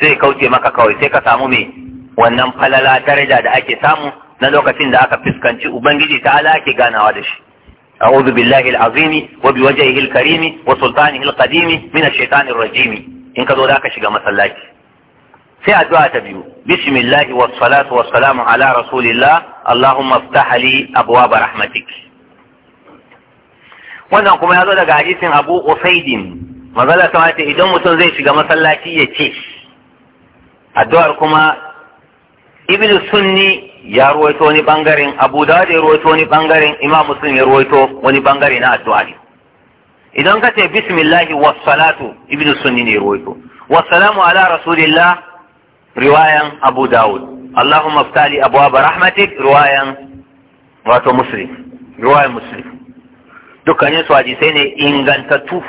sai kauce maka kawai sai ka samu me wannan falala daraja da ake samu na lokacin da aka fuskanci ubangiji ta ala ake ganawa da shi أعوذ بالله العظيم وبوجهه الكريم وسلطانه القديم من الشيطان الرجيم إن كذو ذاك شقا مسلاك سيأدعى تبيو بسم الله والصلاة والسلام على رسول الله اللهم افتح لي أبواب رحمتك wannan kuma ya zo daga hadisin abu usaidin mazala sama ta idan mutum zai shiga masallaci ya ce addu'ar kuma ibnu sunni ya ruwaito wani bangaren abu da ya ruwaito wani bangaren imam muslim ya ruwaito wani bangare na addu'a ne idan ka ce bismillahi wassalatu ibnu sunni ne ruwaito wassalamu ala rasulillah riwayan abu dawud allahumma aftali abwaaba rahmatik riwayan wato muslim riwayan muslim dukkanin su hadisai ne ingantattu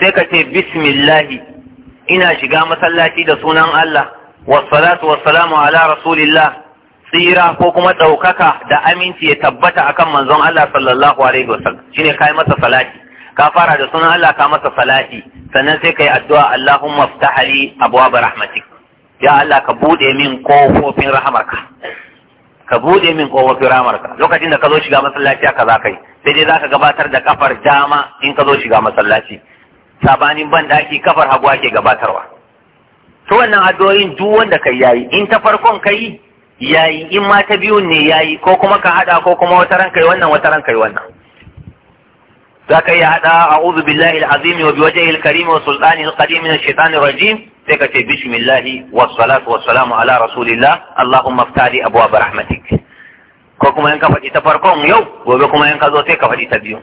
sai ka ce bismillahi ina shiga masallaci da sunan Allah wassalatu wassalamu ala rasulillah tsira ko kuma ɗaukaka da aminci ya tabbata akan manzon Allah sallallahu alaihi wasallam shine kai masa salati ka fara da sunan Allah ka masa salati sannan sai kai addu'a Allahumma ftahli abwaab rahmatik ya Allah ka bude min kofofin rahamarka ka bude min kofofin rahamarka lokacin da ka zo shiga masallaci aka za kai sai dai zaka gabatar da kafar dama in ka zo shiga masallaci sabanin ban daki kafar hagu ake gabatarwa to wannan addu'o'in duk wanda kai yayi in ta farkon kai yayi in ma ta biyun ne yayi ko kuma ka hada ko kuma wata ran kai wannan wata ran kai wannan za ka iya hada a'udhu billahi al-azim wa biwajhihi al-karim wa sultani al-qadim min ash-shaytan rajim sai ka ce bismillahi was salatu was salamu ala rasulillah allahumma aftali abwaab rahmatik ko kuma in ka faɗi ta farkon yau gobe kuma in ka zo sai ka faɗi ta biyu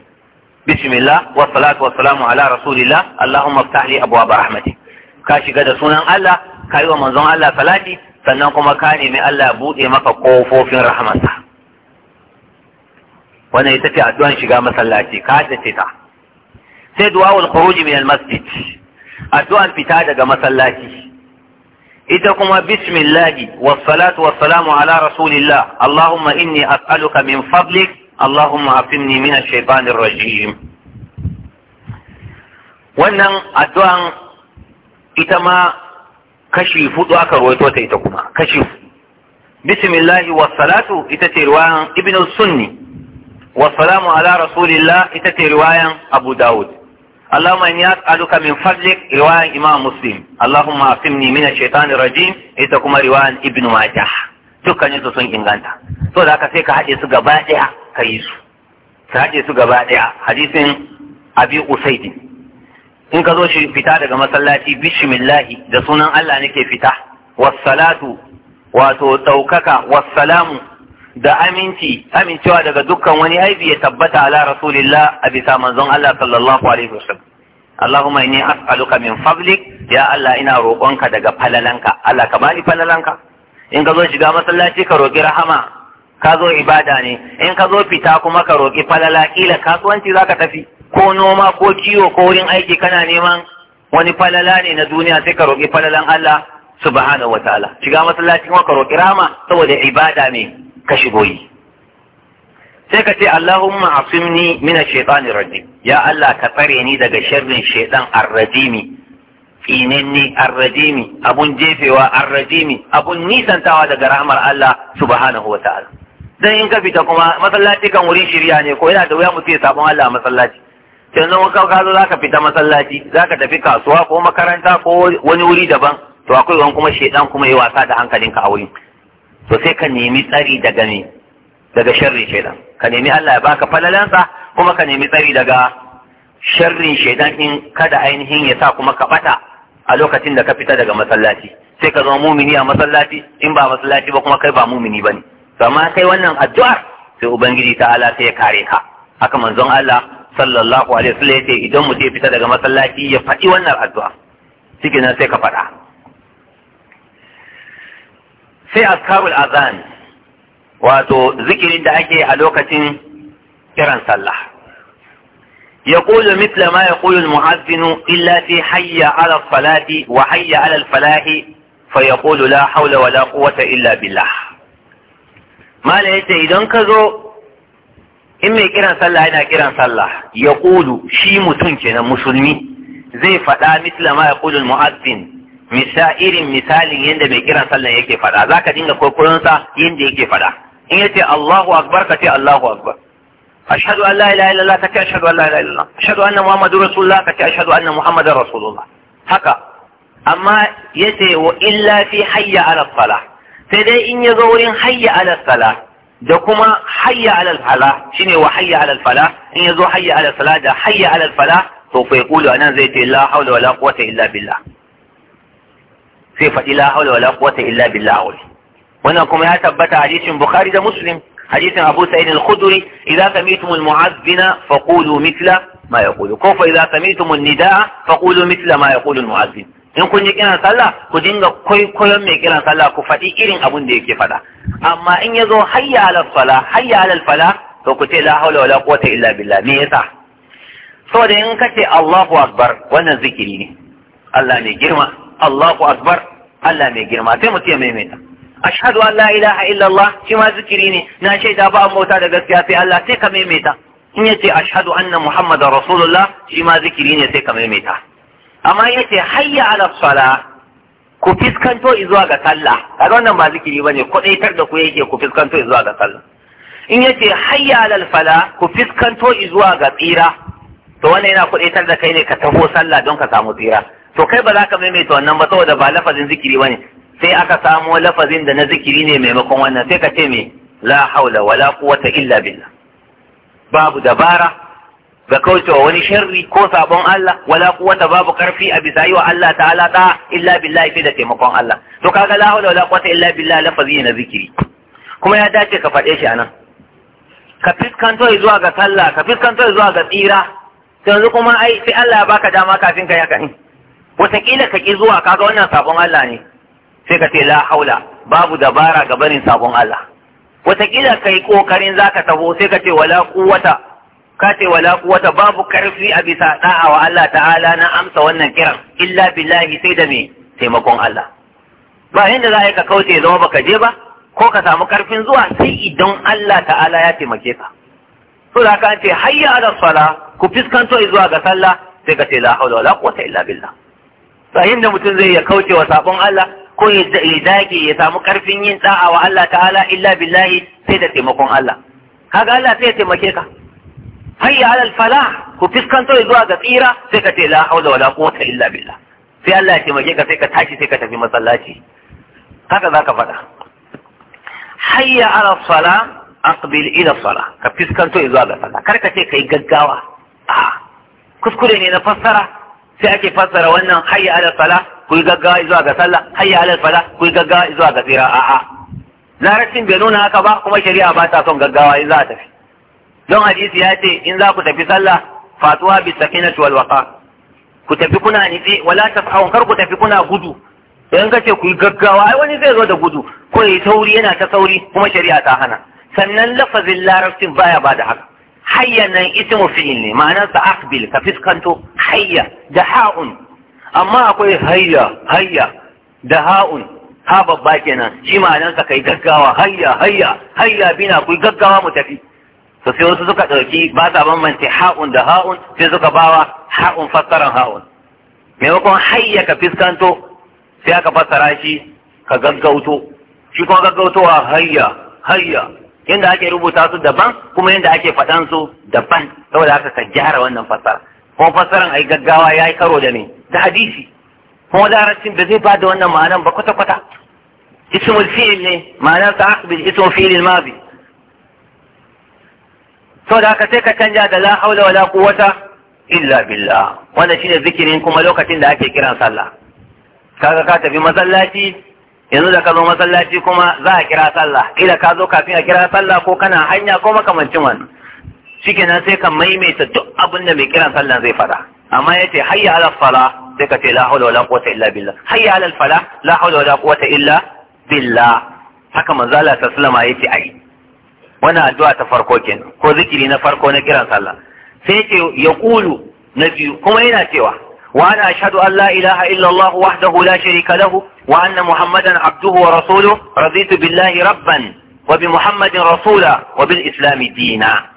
bismillah was salatu was salamu ala rasulillah allahumma aftali abwaab rahmatik ka shiga da sunan Allah ka yi wa manzon Allah salati sannan kuma ka nemi Allah buɗe maka ƙofofin rahamarsa wannan ita ce addu'an shiga masallaci ka haddace ta sai du'a'ul khuruj min al-masjid addu'an fita daga masallaci ita kuma bismillah was salatu was salamu ala rasulillah allahumma inni as'aluka min fadlik allahumma afinni min ash-shaytanir rajim wannan addu'an ita ma kashi hudu aka ruwaito ta ita kuma kashi bismillah wa salatu ita ce riwayan ibnu sunni wa salamu ala rasulillah ita ce riwayan abu daud allahumma inni as'aluka min fadlik riwayan imam muslim allahumma اللهم min ash-shaytanir rajim ita kuma riwayan ibnu majah dukkan su sun inganta so da haka sai ka haɗe su gaba daya kai su ka haɗe su gaba daya hadisin abi usaidin in ka zo shi fita daga masallaci bismillahi da sunan Allah nake fita wassalatu wato ɗaukaka wassalamu da aminci amincewa daga dukkan wani aibi ya tabbata ala rasulillah a bisa manzon Allah sallallahu alaihi wasallam Allahumma inni as'aluka min fadlik ya Allah ina roƙonka daga falalanka Allah ka bani falalanka in ka zo shiga masallaci ka roƙi rahama ka zo ibada ne in ka zo fita kuma ka roƙi falala kila kasuwanci zaka tafi ko noma ko kiwo ko wurin aiki kana neman wani falala ne na duniya sai ka roƙi falalan Allah subhanahu wa ta'ala shiga masallacin ka roƙi rama saboda ibada ne ka shigo yi sai ka ce Allahumma asimni min ash-shaytanir rajim ya Allah ka tsare ni daga sharrin shaytan ar-rajimi tsinanni ar-rajimi abun jefewa ar-rajimi abun nisantawa daga rahmar Allah subhanahu wa ta'ala dan in ka fita kuma masallaci kan wurin shirya ne ko yana da wuya mutum ya sabon Allah masallaci yanzu wani ka zo ka fita masallaci zaka tafi kasuwa ko makaranta ko wani wuri daban to akwai wani kuma shedan kuma yi wasa da hankalinka a wurin to sai ka nemi tsari daga me daga sharrin shedan ka nemi Allah ya baka falalansa kuma ka nemi tsari daga sharrin shedan in kada ainihin ya sa kuma ka bata a lokacin da ka fita daga masallaci sai ka zama mumini a masallaci in ba masallaci ba kuma kai ba mumini bane ne. amma kai wannan addu'ar sai ubangiji ta'ala sai ya kare ka haka manzon Allah sallallahu alaihi wasallam yace idan mutum ya fita daga masallaci ya faɗi wannan addu'a cikin nan sai ka faɗa sai askarul azan wato zikirin da ake a lokacin kiran sallah يقول مثل ما يقول المؤذن إلا في حي على الصلاة وحي على الفلاح فيقول لا حول ولا قوة إلا بالله ما ليس إذا كذو in mai kiran sallah yana kiran sallah ya ƙulu shi mutum kenan musulmi zai faɗa misla ma ya ƙulul mu'azzin irin misalin yadda mai kiran sallah yake faɗa za ka dinga kwaikwayon sa yadda yake faɗa in yace Allahu akbar ka ce Allahu akbar ashhadu an la ilaha illallah ka ce ashhadu an la ilaha illallah ashhadu anna muhammadur rasulullah ka ce ashhadu anna muhammadar rasulullah haka amma yace wa illa fi hayya ala salah sai dai in ya zo wurin hayya ala salah da kuma hayya ala falah shine wa hayya ala falah in yazo hayya ala falah da hayya ala falah to fa yaqulu anan zai ce la hawla wala quwwata illa billah sai fa la hawla wala quwwata illa billah wannan kuma ya tabbata hadisin bukhari da muslim abu sa'id al حديث أبو سعيد الخدري إذا سمعتم المعذن فقولوا مثل ما يقول كوف إذا سمعتم النداء mithla ma yaqulu al المعذن in kun yi kiran sallah ku dinga kwaikwayon mai kiran sallah ku faɗi irin abin da yake faɗa amma in ya zo hayya alal fala hayya alal fala to ku ce la haula wala quwwata illa billah me yasa saboda in ka ce Allahu akbar wannan zikiri ne Allah mai girma Allahu akbar Allah mai girma sai mu ya maimaita ashhadu an la ilaha illallah shi ma zikiri ne na shaida ba mota da gaskiya sai Allah sai ka maimaita in yace ashhadu anna muhammadar rasulullah shi ma zikiri ne sai ka maimaita amma yace hayya ala sala ku fiskanto zuwa ga sallah kaga wannan ba zikiri bane kudaitar da ku yake ku fiskanto zuwa ga sallah in yace hayya ala sala ku fiskanto zuwa ga tsira to wannan yana kudaitar da kai ne ka taho sallah don ka samu tsira to kai ba za ka maimaita wannan ba saboda ba lafazin zikiri bane sai aka samo lafazin da na zikiri ne maimakon wannan sai ka ce me la haula wala quwwata illa billah babu dabara ga kaucewa wani sharri ko sabon Allah wala quwwata babu karfi a bisa yi wa Allah ta'ala da illa billahi fi da taimakon Allah to kaga la hawla wala quwwata illa billah lafazi na zikiri kuma ya dace ka faɗe shi anan ka fiskanto zuwa ga sallah ka fiskanto zuwa ga tsira yanzu kuma ai sai Allah ya baka dama kafin ka yaka in wataƙila ka ki zuwa kaga wannan sabon Allah ne sai ka ce la haula babu dabara ga barin sabon Allah wataƙila ka yi ƙoƙarin za ka taho sai ka ce wala quwwata ka ce wala quwwata babu karfi a bisa da'a wa Allah ta'ala na amsa wannan kiran illa billahi sai da me taimakon Allah ba inda za a yi ka kauce zama baka je ba ko ka samu karfin zuwa sai idan Allah ta'ala ya taimake ka to da ka ce hayya ala sala ku fiskanto zuwa ga sallah sai ka ce la haula wala quwwata illa billah ba inda mutum zai ya kauce wa sabon Allah ko ya dage ya samu karfin yin da'a wa Allah ta'ala illa billahi sai da taimakon Allah kaga Allah sai ya taimake ka hayya alal falah ku fiskanto zuwa ga tsira sai ka ce la haula wala quwwata illa billah sai Allah ya taimake ka sai ka tashi sai ka tafi masallaci haka zaka faɗa hayya ala sala aqbil ila sala ka fiskanto zuwa ga sallah kar ka ce kai gaggawa a kuskure ne na fassara sai ake fassara wannan hayya ala sala ku gaggawa zuwa ga sallah hayya ala sala ku gaggawa zuwa ga tsira a a larabcin bai nuna haka ba kuma shari'a ba ta son gaggawa in za a tafi don hadisi ya ce in za ku tafi sallah fatuwa bi sakinati wal waqa ku tafi kuna nitse, wala tafawun kar ku tafi kuna gudu in ka ce ku yi gaggawa ai wani zai zo da gudu ko yi sauri yana ta sauri kuma shari'a ta hana sannan lafazin larabcin baya ba da haka hayya nan ismu fi'il ne ma'anarsa akbil ka fiskanto hayya da ha'un amma akwai hayya hayya da ha'un ha babba kenan shi ma'anarsa kai gaggawa hayya hayya hayya bina ku gaggawa mu tafi to sai wasu suka ɗauki ba sa bambance ha'un da ha'un sai suka bawa ha'un fassaran ha'un maimakon hayya ka fiskanto sai aka fassara shi ka gaggauto shi kuma gaggautowa hayya hayya yadda ake rubuta su daban kuma yadda ake faɗan su daban saboda haka ka gyara wannan fassara kuma fassaran ai gaggawa ya yi karo da me da hadisi kuma larabcin da zai bada wannan ma'anan ba kwata-kwata ismul fi'il ne ma'anar sa aqbil ismul fi'il mazi sau da haka sai ka canja da la haula wala quwwata illa billah wannan shine zikirin kuma lokacin da ake kiran sallah kaga ka tafi masallaci yanzu da ka zo masallaci kuma za a kira sallah kila ka zo kafin a kira sallah ko kana hanya ko makamancin wannan shikenan sai ka maimaita duk abin da mai kiran sallah zai fada amma yace hayya ala salah sai ka ce la haula wala quwwata illa billah hayya ala al la haula wala quwwata illa billah haka manzo Allah sallama yace ai wannan addu'a ta farko kenan ko zikiri na farko na kiran sallah sai ce ya kulu na biyu kuma yana cewa wa ana ashhadu an la ilaha illa Allah wahdahu la sharika lahu wa anna muhammadan abduhu wa rasuluhu raditu billahi rabban wa bi muhammadin rasula wa bil islam dina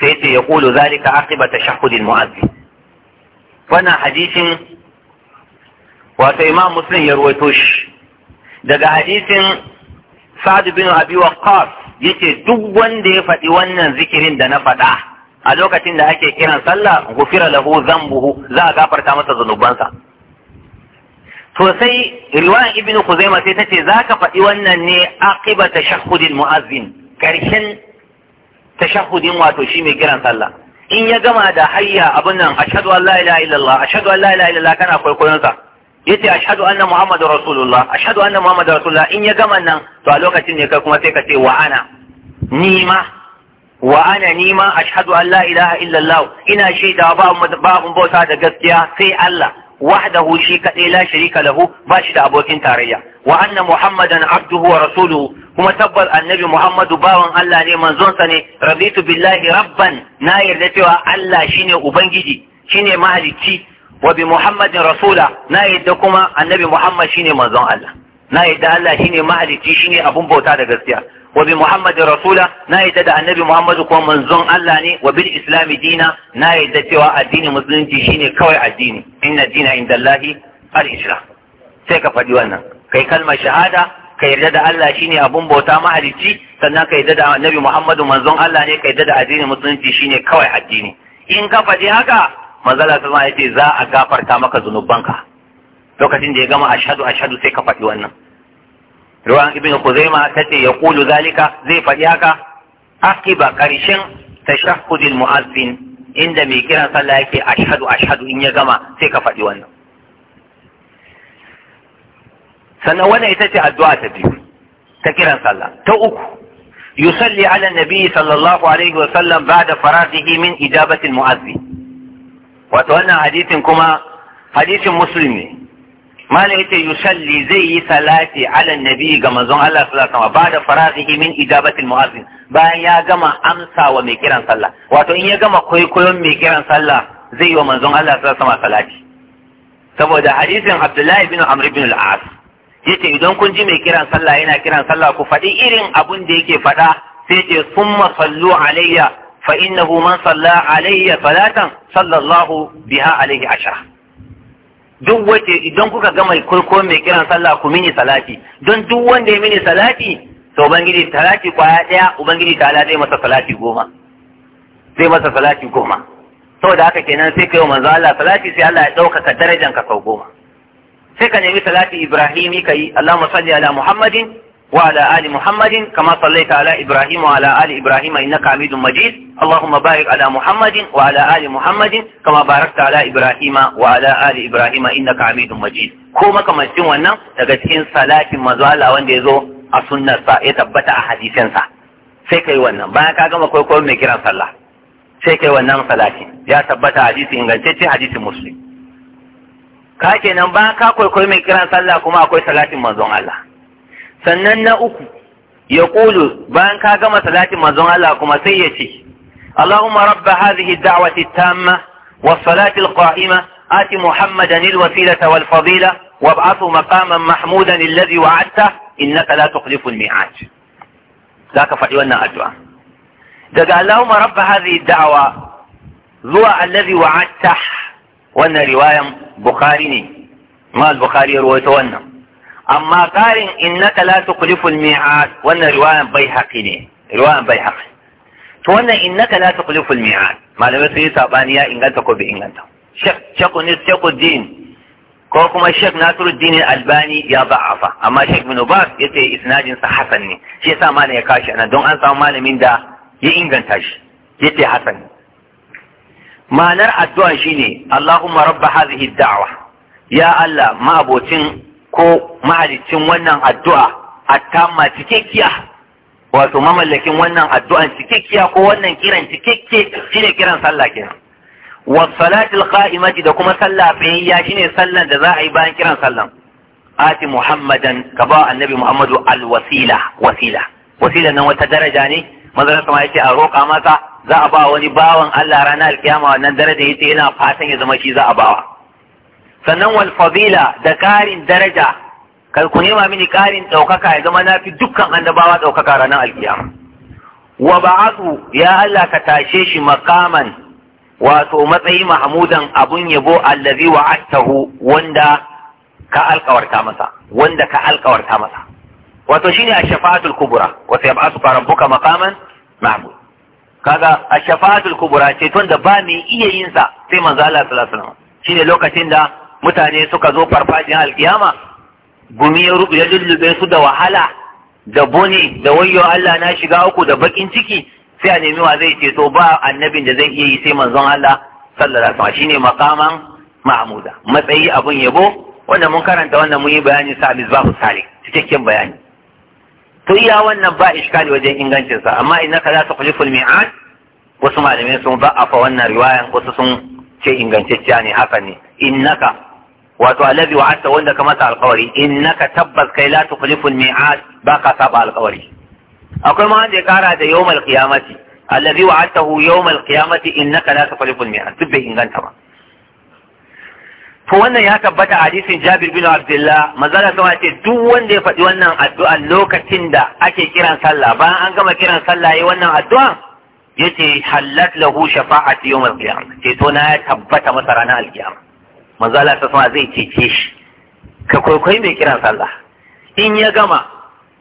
sai ce ya kulu zalika aqiba tashahhud al mu'adhdhin wannan hadisin wato imam muslim ya ruwaito shi daga hadisin sa'ad bin abi waqqas yace duk wanda ya faɗi wannan zikirin da na faɗa a lokacin da ake kiran sallah gufira lahu zambuhu za a gafarta masa zunubansa to sai riwayan ibnu kuzaima sai tace zaka faɗi wannan ne aqiba tashahhudil muazzin karshen tashahhudin wato shi mai kiran sallah in ya gama da hayya abin nan ashhadu an la ilaha illallah ashhadu an la ilaha illallah kana kwaikwayon yace ashhadu anna muhammadar rasulullah ashhadu anna muhammadar rasulullah in ya gama nan to a lokacin ne kai kuma sai ka ce wa ana ni
wa
ana ashhadu an la ilaha illallah ina shaida ba babu bauta da gaskiya sai Allah wahdahu shi kadai la sharika lahu ba shi da abokin tarayya wa anna muhammadan abduhu wa rasuluhu kuma tabbas annabi muhammadu bawan Allah ne manzonsa ne rabitu billahi rabban na yarda cewa Allah shine ubangiji shine mahalicci wa muhammadin rasula na yadda kuma annabi muhammad shine manzon Allah na yadda Allah shine mahalicci shine abun bauta da gaskiya wa muhammadin rasula na yadda da annabi muhammadu kuma manzon Allah ne wa islami dina na yadda cewa addini musulunci shine kawai addini inna dina inda indallahi al islam sai ka faɗi wannan kai kalmar shahada ka yarda da Allah shine abun bauta mahalicci sannan ka yarda da annabi muhammadu manzon Allah ne ka yarda da addini musulunci shine kawai addini in ka faɗi haka manzala ta ya ce za a gafarta maka zunubanka lokacin da ya gama ashhadu ashhadu sai ka faɗi wannan ruwan ibn kuzaima tace yaqulu zalika zai faɗi haka akiba karshen tashahhudil mu'azzin inda mai kiran sallah yake ashadu ashadu in ya gama sai ka faɗi wannan sannan wannan ita ce addu'a ta biyu ta kiran sallah ta uku yusalli ala nabi sallallahu alaihi wa sallam ba'da faradihi min ijabatil mu'azzin wato wannan hadithin kuma hadisin musulmi malam yace yusalli zai yi salati ala nabi ga manzon Allah sallallahu alaihi wasallam ba'da farazihi min ijabatil muazzin bayan ya gama amsa wa mai kiran sallah wato in ya gama kwaikwayon mai kiran sallah zai yi wa manzon Allah sallallahu alaihi wasallam salati saboda hadithin Abdullahi bin Amr bin al-As yace idan kun ji mai kiran sallah yana kiran sallah ku faɗi irin abun da yake faɗa sai ce summa sallu alayya fa innahu man salla alayya salatan sallallahu biha alayhi ashara duk wace idan kuka ga mai kurko mai kiran sallah ku mini salati don duk wanda ya mini salati to ubangiji salati kwaya daya ubangiji ta zai masa salati goma zai masa salati goma saboda haka kenan sai kai wa manzo Allah salati sai Allah ya ɗaukaka darajanka sau goma sai ka nemi salati Ibrahim kai, allahumma salli ala muhammadin وعلى آل محمد كما صليت على إبراهيم وعلى آل إبراهيم إنك حميد مجيد اللهم بارك على محمد وعلى آل محمد كما باركت على إبراهيم وعلى آل إبراهيم إنك حميد مجيد كما كما cikin wannan daga cikin salatin manzo Allah wanda yazo a sunnarsa ya tabbata a hadisinsa sai kai wannan bayan ka gama kwaikwayo mai kiran sallah sai kai wannan salatin ya tabbata hadisi ingantacce hadisi muslim ka kenan bayan ka kwaikwayo mai kiran sallah kuma akwai salatin manzon Allah sannan na uku ya ƙulu bayan ka gama salatin manzon Allah kuma sai ya ce Allahumma rabba hadhihi da'wati tamma was salati al-qa'ima ati muhammadan al-wasilata wal fadila wab'athu maqaman mahmudan alladhi wa'adta innaka la tukhlifu al-mi'ad zaka faɗi wannan addu'a daga Allahumma rabba hadhihi da'wa zuwa alladhi wa'adta wannan riwayan bukhari ne ma al-bukhari ya ruwaito wannan amma ƙarin innaka la tuqliful mi'ad wannan riwayan bai haƙi ne riwayan bai haƙi to wannan innaka la tuqliful mi'ad malamai sun yi sabani ya inganta ko bai inganta shek shekunis shekuddin ko kuma shek nasiruddin albani ya ba'afa amma shek bin ubas ya ce isnadin sa hasan ne shi yasa malam ya kashi anan don an samu malamin da ya inganta shi ya ce hasan ne ma'anar addu'a shine Allahumma rabba hadhihi da'wa ya Allah ma ma'abocin ko mahalicin wannan addu'a attamma cikakkiya wato mamallakin wannan addu'an cikakkiya ko wannan kiran cikakke shine kiran sallah kenan wa salatul qa'imati da kuma sallah fayya shine sallan da za a yi bayan kiran sallan ati muhammadan ka ba annabi muhammadu alwasila wasila wasila nan wata daraja ne manzon sama yace a roƙa masa za a ba wani bawan Allah ranar alkiyama wannan daraja yace yana fatan ya zama shi za a bawa sannan wal fadila da ƙarin daraja kar ku nema mini ƙarin ɗaukaka ya zama na fi dukkan annabawa ɗaukaka ranar alkiyama wa ba'athu ya Allah ka tashe shi makaman wato matsayi mahmudan abun yabo allazi wa'atahu wanda ka alkawarta masa wanda ka alkawarta masa wato shine ash-shafa'atul kubra wa sayab'atuka rabbuka maqaman mahmud kaga ash-shafa'atul kubra ce tun da ba mai iya yin sa sai manzo Allah sallallahu alaihi wasallam shine lokacin da mutane suka zo farfajin alkiyama gumi ya rubu ya lullube su da wahala da boni da wayo Allah na shiga uku da bakin ciki sai a nemi wa zai ceto ba annabin da zai iya yi sai manzon Allah sallallahu alaihi wasallam shine makaman mahmuda matsayi abun yabo wanda mun karanta wannan mun yi bayani sa misbahu salih cikakken bayani to iya wannan ba iskali wajen ingancin sa amma inna ka la tuqliful mi'ad wasu malamai sun ba'afa wannan riwayan wasu sun ce ingantacciya ne haka ne innaka wato allazi wa'adta wanda ka masa alƙawari innaka tabbas kai la tukhlifu al-mi'ad ba ka saba alƙawari akwai ma wanda ya kara da yawmal qiyamati allazi wa'adtahu yawmal qiyamati innaka la tukhlifu al-mi'ad duk bai inganta ba to wannan ya tabbata a hadisin Jabir bin Abdullah manzala sama ce duk wanda ya faɗi wannan addu'a lokacin da ake kiran sallah bayan an gama kiran sallah yayi wannan addu'a yace halat lahu shafa'ati yawm al-qiyamah ce to na ya tabbata masa ranar al manzo Allah ta sama zai cece shi ka kwaikwayi mai kiran sallah in ya gama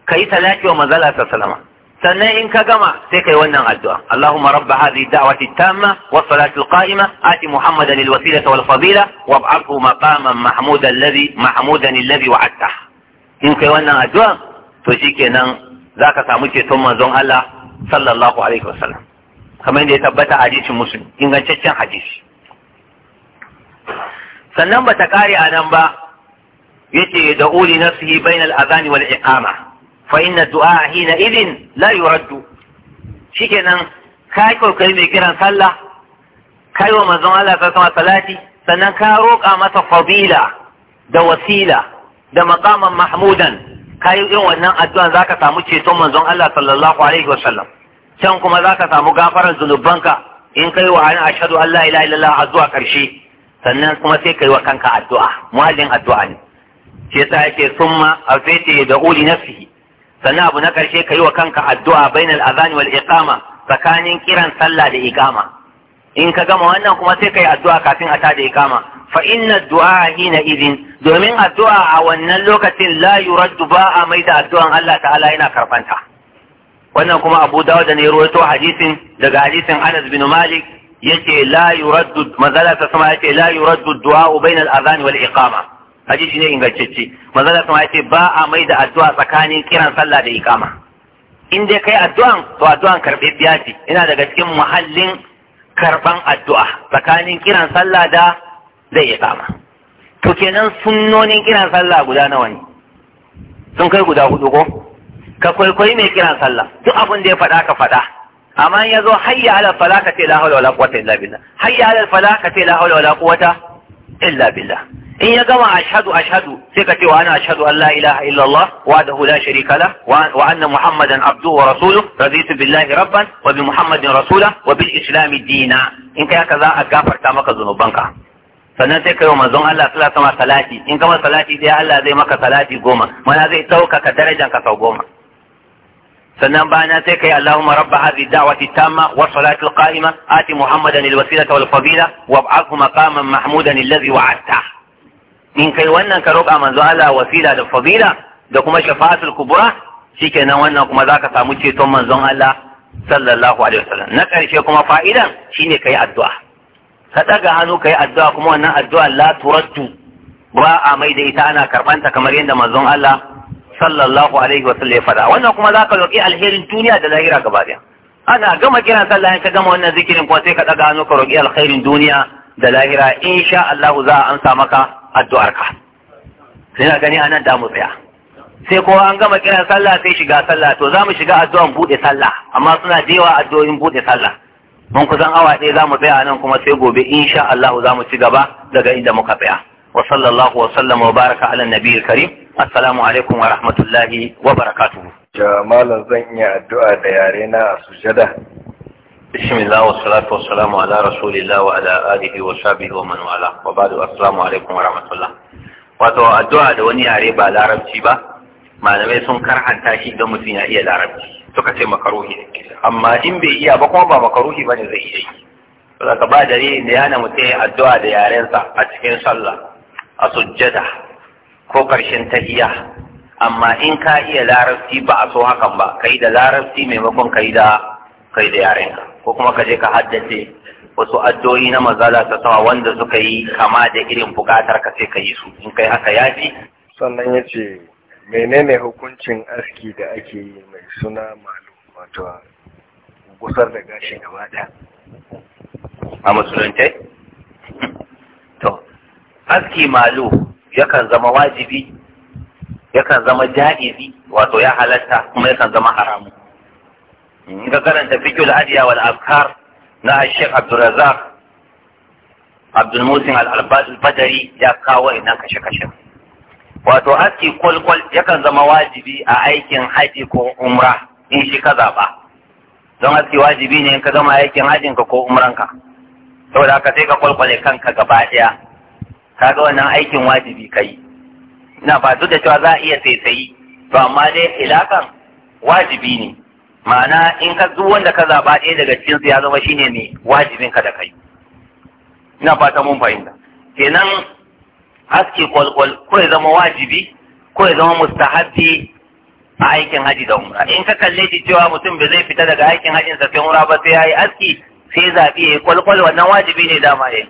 ka yi talaki wa manzo Allah ta salama sannan in ka gama sai ka yi wannan addu'a Allahumma rabba hadhihi da'wati tamma was salati al qa'ima ati muhammadan al wasilata wal fadila wab'athu maqaman mahmudan alladhi mahmudan alladhi wa'adta in ka yi wannan addu'a to shikenan zaka samu ceton manzon Allah sallallahu alaihi wasallam kamar yadda ya tabbata a hadisin muslim ingantaccen hadisi sannan bata kare a nan ba yace da uli nafsihi bainal azani wal iqama fa inna du'a hina idin la yuraddu shikenan ka kai mai kiran sallah kai wa manzon Allah sallallahu alaihi salati sannan ka roƙa masa fadila da wasila da maqaman mahmudan kai irin wannan addu'an zaka samu ceton manzon Allah sallallahu alaihi wasallam can kuma zaka samu gafaran zunubanka in kai wa an ashhadu an la ilaha illallah zuwa karshe sannan kuma sai kai wa kanka addu'a muhallin addu'a ne shi yasa yake summa afeti da uli nafsihi sannan abu na karshe kai wa kanka addu'a bainal azani wal iqama tsakanin kiran sallah da iqama in ka gama wannan kuma sai kai addu'a kafin a tada iqama fa inna du'a hina idin domin addu'a a wannan lokacin la yuraddu ba a mai da addu'an Allah ta'ala yana karfanta wannan kuma Abu Dawud ne rawaito hadisin daga hadisin Anas bin Malik yake la yuraddu manzala ta sama yake la yuraddu du'a bainal adhan wal iqama hadisi ne ingantacce manzala sama yake ba a mai da addu'a tsakanin kiran sallah da iqama in dai kai addu'an to addu'an karbe biya ce ina daga cikin muhallin karban addu'a tsakanin kiran sallah da da iqama to kenan sunnonin kiran sallah guda nawa ne sun kai guda hudu ko ka kwaikwayi mai kiran sallah duk abin da ya faɗa ka faɗa amma in yazo hayya alal fala ka ce la wala quwwata illa billah hayya alal fala ka ce la wala quwwata illa billah in ya gama ashhadu ashhadu sai ka ce wa ana ashhadu an la ilaha illa Allah wahdahu la sharika la wa anna muhammadan abduhu wa rasuluhu raditu billahi rabban wa bi muhammadin rasula wa bil islami dina in kai haka za a gafarta maka zunubanka sannan sai kai wa manzon Allah sallallahu alaihi wasallam salati in kama salati sai Allah zai maka salati goma mana zai sauka ka darajanka sau goma sannan bayana sai kai Allahumma rabba hadhihi da'wati tamma wa salati al-qa'ima ati Muhammadan al-wasilata wal fadila wa ab'athu maqaman mahmudan alladhi wa'adta in kai wannan ka roƙa manzo Allah wasila da fadila da kuma shafa'atul kubra shikenan wannan kuma zaka samu ceton manzon Allah sallallahu alaihi wasallam na ƙarshe kuma fa'idan shine kai addu'a ka daga hannu kai addu'a kuma wannan addu'a la turaddu ba a mai da ita ana karbanta kamar yadda manzon Allah sallallahu alaihi wa sallam ya fada wannan kuma zaka roki alherin duniya da lahira gaba daya ana gama kiran sallah in ka gama wannan zikirin kuma sai ka daga hannu ka roki alherin duniya da lahira insha Allah za a amsa maka addu'arka sai na gani anan da mu tsaya sai kowa an gama kiran sallah sai shiga sallah to zamu shiga addu'an bude sallah amma suna da yawa addu'o'in bude sallah mun kusan awa ɗaya za mu tsaya anan. kuma sai gobe insha Allah za mu ci gaba daga inda muka tsaya wa sallallahu wa sallama wa baraka ala nabiyil karim assalamu alaikum wa rahmatullahi wa barakatuhu
jama'a zan iya addu'a da yare na a sujada
bismillah wa salatu wa salamu ala rasulillah wa ala alihi wa sahbihi wa man wala wa ba'du assalamu alaikum wa rahmatullah wato addu'a da wani yare ba larabci ba malamai sun karhanta shi idan mutum ya iya larabci suka ce makaruhi ne amma in bai iya ba kuma ba makaruhi ne zai iya yi saboda ba dalilin da yana mutum addu'a da yarensa a cikin sallah a sujjada ko ƙarshen ta iya, amma in ka iya larabci ba a so hakan ba kai da larabci maimakon kai da kai da yarenka ko kuma ka je ka haddace wasu addu'o'i na mazala ta sama wanda suka yi kama da irin bukatar ka sai ka yi su in kai haka ya fi
sannan ya ce menene hukuncin aski da ake yi mai suna malu wato gusar da gashi gaba ɗaya
a musulunce to aski malu yakan zama wajibi yakan zama ja'izi wato ya halatta kuma yakan zama haramu in ka karanta fikul adiya wal afkar na Sheikh Abdulrazak Abdul Musin al-Albad al-Badri ya kawo ina kashe kashe wato aski kwalkwal yakan zama wajibi a aikin haji ko umra in shi ka zaba don haske wajibi ne in ka gama aikin ka ko umranka saboda haka sai ka kwalkwale kanka gaba daya kaga wannan aikin wajibi kai ina ba duk da cewa za a iya saisayi to amma dai ilakan wajibi ne ma'ana in ka duk wanda ka zaba ɗaya daga cikin su ya zama shine ne wajibin ka da kai ina fata mun fahimta kenan haske kwalkwal ko ya zama wajibi ko ya zama mustahabbi a aikin haji da umra in ka kalle shi cewa mutum bai zai fita daga aikin hajin sa sai umra ba sai yayi aski sai zabi yayi kwalkwal wannan wajibi ne dama yayi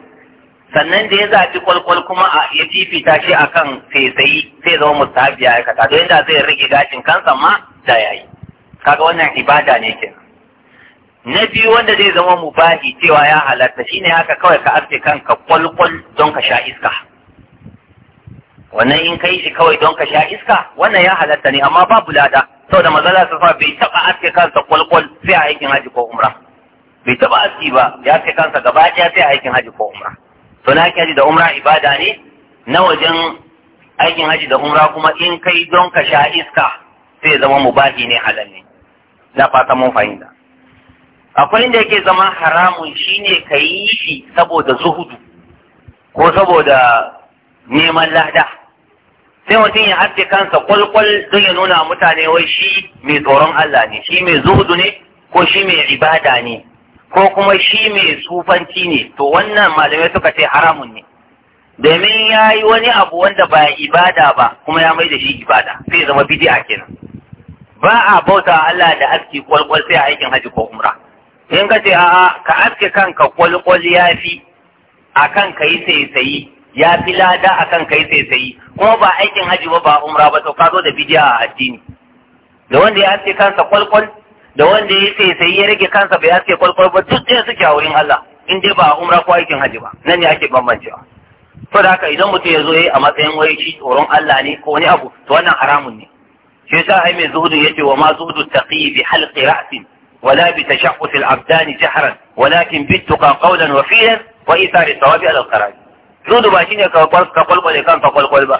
sannan da ya zafi kwalkwal kuma ya fifita shi kan fesayi sai zama mustahabi ya aikata don da zai rage gashin kansa ma da ya yayi kaga wannan ibada ne ke. na biyu wanda zai zama mubahi cewa ya halatta shine haka kawai ka aske kanka kwalkwal don ka sha iska wannan in kai shi kawai don ka sha iska wannan ya halatta ne amma babu lada saboda mazala sa bai taba aske kansa kwalkwal sai a aikin haji ko umra bai taba aski ba ya aske kansa gaba ɗaya sai a aikin haji ko umra to na haji da umra ibada ne na wajen aikin haji da umra kuma in kai don ka sha iska sai zama mubahi ne halal ne na fata mun fahimta akwai inda yake zama haramun shine ka yi shi saboda zuhudu ko saboda neman lada sai mutum ya haske kansa kwalkwal don ya nuna mutane wai shi mai tsoron Allah ne shi mai zuhudu ne ko shi mai ibada ne ko kuma shi mai sufanci ne to wannan malamai suka ce haramun ne domin ya yi wani abu wanda ba ibada ba kuma ya mai da shi ibada sai zama bidi'a kenan ba a bauta Allah da aski kwalkwal sai a aikin haji ko umra in ka ce a'a ka aske kanka kwalkwal ya fi a kan ka yi saisayi ya fi lada a kan ka yi saisayi kuma ba aikin haji ba ba umra ba to ka zo da bidiya a addini da wanda ya aske kansa kwalkwal da wanda ya sai sai ya rage kansa bai aske kwalkwal ba duk ɗaya suke a wurin Allah in dai ba umra ko aikin haji ba nan ne ake bambancewa to da haka idan mutum ya zo yayi a matsayin wai shi tsoron Allah ne ko wani abu to wannan haramun ne shi yasa ai mai zuhudu yace wa ma zuhudu taqi bi halqi ra'sin abdani بتشقق الأبدان جهرا ولكن بالتقى قولا وفيلا وإيثار الثواب al الخراج zuhudu ba shine ka ka kwalkwale kan ka kwalkwal ba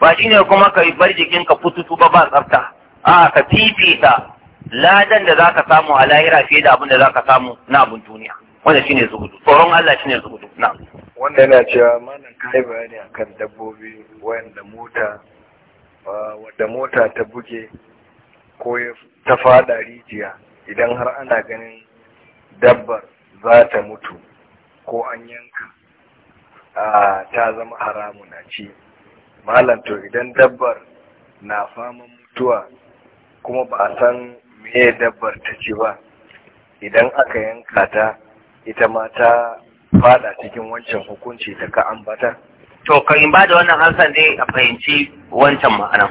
ba shine kuma ka bar jikin ka fututu ba ba tsafta a ka fifita ladan da za ka samu a lahira fiye da abin da za ka samu na abin duniya wanda shi ne zuhudu tsoron Allah shine zuhudu na'am
wanda yana cewa malam kai bayani akan dabbobi wanda mota mota ta buge ko ta fada rijiya idan har ana ganin dabbar za ta mutu ko an yanka ta zama haramu na ci malam to idan dabbar na faman mutuwa kuma ba a san meye dabbar ta ci ba idan aka yanka ta ita ma ta fada cikin wancan hukunci da ka ambata
to kan ba da wannan hansan dai a fahimci wancan ma'ana.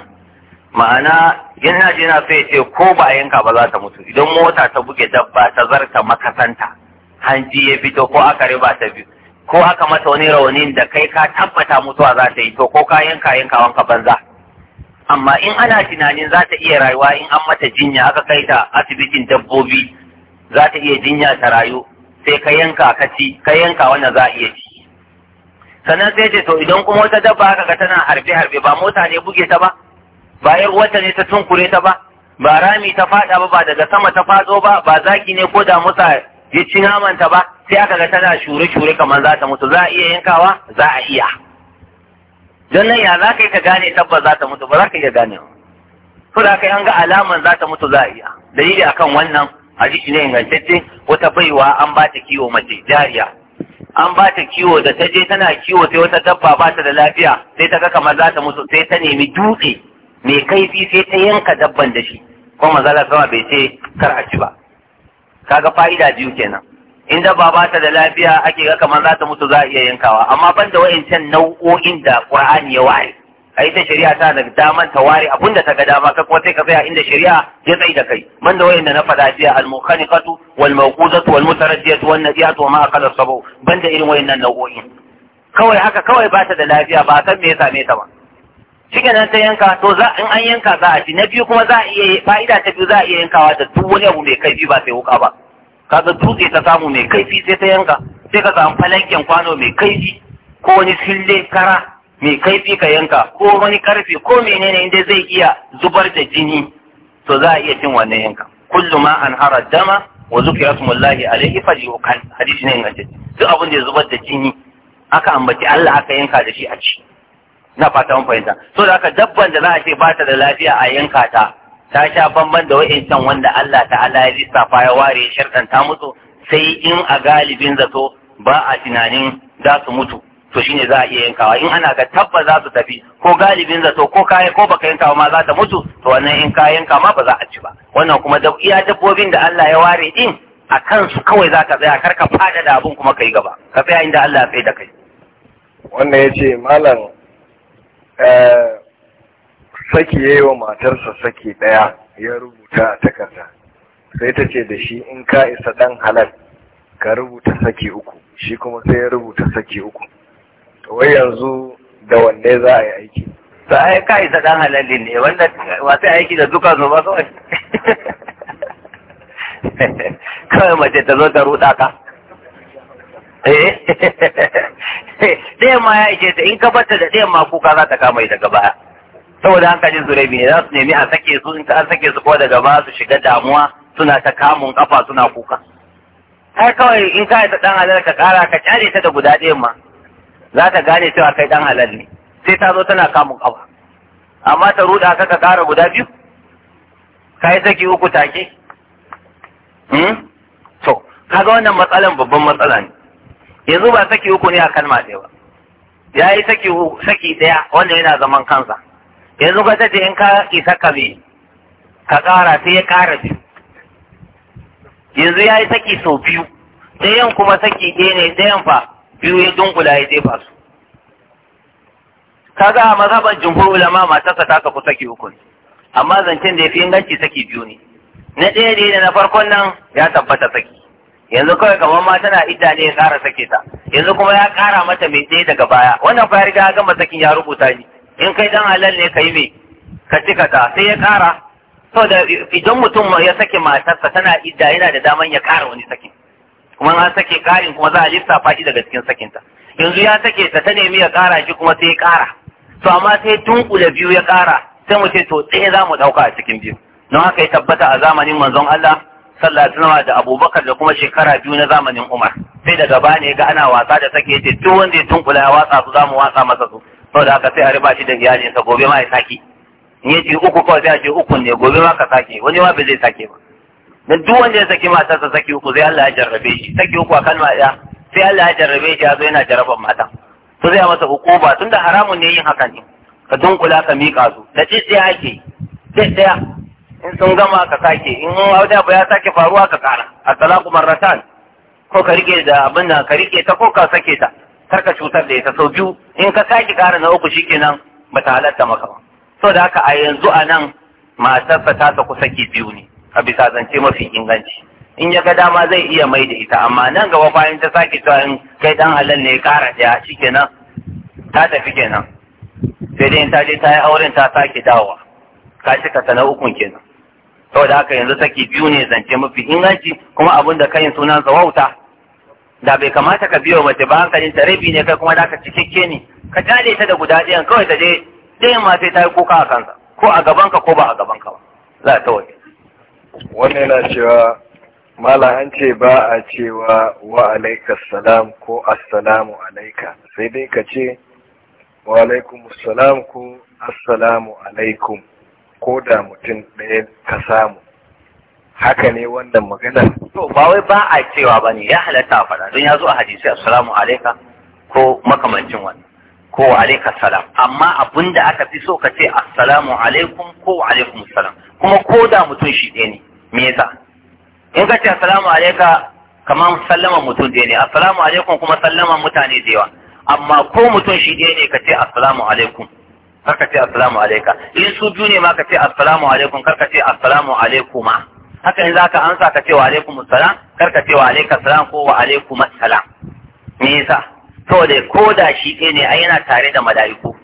ma'ana yana ji na sai ce ko ba a yanka ba za ta mutu idan mota ta buge dabba ta zarta makasanta hanji ya fito ko aka riba ta biyu ko aka mata wani raunin da kai ka tabbata mutuwa za ta yi to ko ka yanka yankawan ka banza amma in ana tunanin za ta iya rayuwa in an mata jinya aka kai ta asibitin dabbobi za ta iya jinya ta rayu sai ka yanka ka ci ka yanka wanda za a iya ci sannan sai ce to idan kuma wata dabba aka ga tana harbe harbe ba mota ne buge ta ba ba yar wata ne ta tunkure ta ba ba rami ta fada ba ba daga sama ta fazo ba ba zaki ne ko da musa ya ci namanta ba sai aka ga tana shure shure kamar za ta mutu za a iya yankawa za a iya don nan ya za ka yi ka gane tabbas za ta mutu ba za ka iya gane ba ko da kai an ga alaman za ta mutu za a iya dalili akan wannan hadisi ne ingantacce wata baiwa an ba ta kiwo mace jariya an ba ta kiwo da ta je tana kiwo sai wata dabba ba ta da lafiya sai ta ga kamar za ta mutu sai ta nemi dutse mai kaifi sai ta yanka dabban da shi ko manzala sama bai ce kar a ci ba kaga fa'ida biyu kenan in da ba ta da lafiya ake ga kamar za ta mutu za a iya yankawa amma ban da wa'incan nau'o'in da qur'ani ya ware a ita shari'a ta da daman ta ware abin da ta ga dama ka kuma sai ka tsaya inda shari'a ya tsaye da kai man da wa'in da na faɗa jiya al-mukhaniqatu wal mawqudatu wal mutaraddiyatu wan nadiyatu wa ma akala sabu ban da irin wa'innan nau'o'in kawai haka kawai ba ta da lafiya ba san me ya same ta ba cikin nan ta yanka to za in an yanka za a ci na biyu kuma za a iya fa'ida ta biyu za a iya yankawa da duk wani abu mai kaifi ba sai wuka ba Ka ga dutse ta samu mai kaifi sai ta yanka sai ka samu falanken kwano mai kaifi ko wani sille kara mai kaifi ka yanka ko wani karfe ko menene inda zai iya zubar da jini to za a iya cin wannan yanka kullu ma an hara dama wa zukira smullahi alaihi falyukan hadisi ne duk abin da ya zubar da jini aka ambaci Allah aka yanka da shi a ci na fata mun fahimta so da aka dabban da za a ce ba ta da lafiya a yanka ta ta sha bamban da wa'incan wanda Allah ta'ala ya lissafa ya ware ta mutu, sai in a galibin zato ba a tunanin za su mutu to shine za a iya yankawa in ana ga tabba za su tafi ko galibin zato ko kaya ko baka yanka ma za ta mutu to wannan in ka yanka ma ba za a ci ba wannan kuma da iya dabbobin da Allah ya ware din a kansu kawai za ka tsaya kar ka fada da abun kuma kai gaba ka tsaya inda Allah ya tsaye da kai
wannan ya ce malam eh, saki ya yi wa matarsa saki ɗaya ya rubuta a takarda sai ta ce da shi in ka isa ɗan halal ka rubuta saki uku shi kuma sai ya rubuta saki uku to wai yanzu da wanne za a
yi aiki to ai ka isa ɗan halal ne wanda wasu aiki da duka zo ba kawai (laughs) kawai mace ta zo ta ruɗa ka eh (laughs) ma ya ishe ta in ka bata da ɗayan ma kuka za ta kama daga baya. saboda hankalin zurabi ne za su nemi a sake su in an sake su ko daga ba su shiga damuwa suna ta kamun kafa suna kuka kai kawai in ka ta dan halal ka kara ka kyale ta da guda ɗaya ma za ta gane cewa kai dan halal ne sai ta zo tana kamun kafa amma ta ruda ka ka kara guda biyu Ka yi saki uku take hmm? to kaga wannan matsalan babban matsala ne yanzu ba saki uku ne a kalma ɗaya ba ya yi saki ɗaya wanda yana zaman kansa yanzu ka tace in ka isa ka me ka ƙara sai ya ƙara biyu yanzu ya yi saki sau biyu ɗayan kuma saki ɗaya ne ɗayan fa biyu ya dunkula ya jefa su kaga a mazhaban jumhur ulama matarsa ta kusa saki hukun amma zancen da ya fi inganci saki biyu ne na ɗaya ne na farkon nan ya tabbata saki yanzu kawai kamar ma tana ita ne ya ƙara sake ta yanzu kuma ya ƙara mata mai ɗaya daga baya wannan fa ya riga gama sakin ya rubuta ni in kai dan halal ne kai me ka cika ta sai ya kara to da idan mutum ya sake matarsa tana idda yana da daman ya kara wani sakin kuma an sake karin kuma za a lissafa shi daga cikin sakinta yanzu ya sake ta ta nemi ya kara shi kuma sai ya kara to amma sai tunkula biyu ya kara sai mu ce to tsaye za mu dauka a cikin biyu don haka ya tabbata a zamanin manzon Allah sallallahu alaihi da Abubakar da kuma shekara biyu na zamanin Umar sai daga bane ne ga ana wasa da sake ce duk wanda ya tunkula ya wasa su za mu wasa masa su Sau da haka sai a riba shi da iyalinsa gobe ma ya sake in ya ce uku kawai sai a ce uku ne gobe ma ka sake wani ma ba zai sake ba dan duk wanda ya saki sa saki uku sai Allah ya jarrabe shi saki uku a kalma ɗaya sai Allah ya jarrabe shi ya zo yana jarraban mata to zai masa hukuma tunda haramun ne yin haka ne ka dunkula ka miƙa su da ɗaya ake ɗaya in sun gama ka sake in wani abu ya sake faruwa ka kara a talaku marratan ko ka rike da abin da ka rike ta ko ka sake ta karka cutar da ita sau biyu in ka sake kara na uku shikenan ba ta halatta maka ba so da haka a yanzu a nan matarsa ta kusa saki biyu ne a bisa zance mafi inganci in ya ga dama zai iya mai da ita amma nan gaba bayan ta sake cewa in kai dan halal ne ƙara ɗaya shikenan ta tafi kenan sai dai in ta je ta yi auren ta sake dawa, ka cika ta na ukun kenan saboda haka yanzu saki biyu ne zance mafi inganci kuma abin da kayin sunan zawauta da bai kamata ka biyo mace ba hankalin ta rabi ne kai kuma da ka cikakke ne ka tale ta da guda ɗayan kawai ta je ɗayan ma sai ta yi kuka a kansa ko a gabanka ko ba a gabanka ba za ta waje.
wannan yana cewa mala an ce ba a cewa wa alaika salam ko assalamu alaika sai dai ka ce wa alaikum salam ko assalamu alaikum ko da mutum ɗaya ka samu
haka ne wannan maganar to ba wai ba a cewa ba ne ya halatta a faɗa don ya zo a hadisi assalamu alaika ko makamancin wannan
ko alaika
salam amma abin da aka fi so ka ce assalamu alaikum ko alaikum salam kuma ko da mutum shi ɗaya ne me yasa in ka ce assalamu alaika kamar sallama mutum ɗaya ne assalamu alaikum kuma sallama mutane da yawa amma ko mutum shi ɗaya ne ka ce assalamu alaikum kar ka ce assalamu alaika in su biyu ne ma ka ce assalamu alaikum kar ka ce assalamu ma. haka yanzu aka amsa ka ce wa alaikum salam kar ka ce wa alaikum salam ko wa alaikum salam me yasa da ko da shi ɗaya ne ai yana tare da mala'iku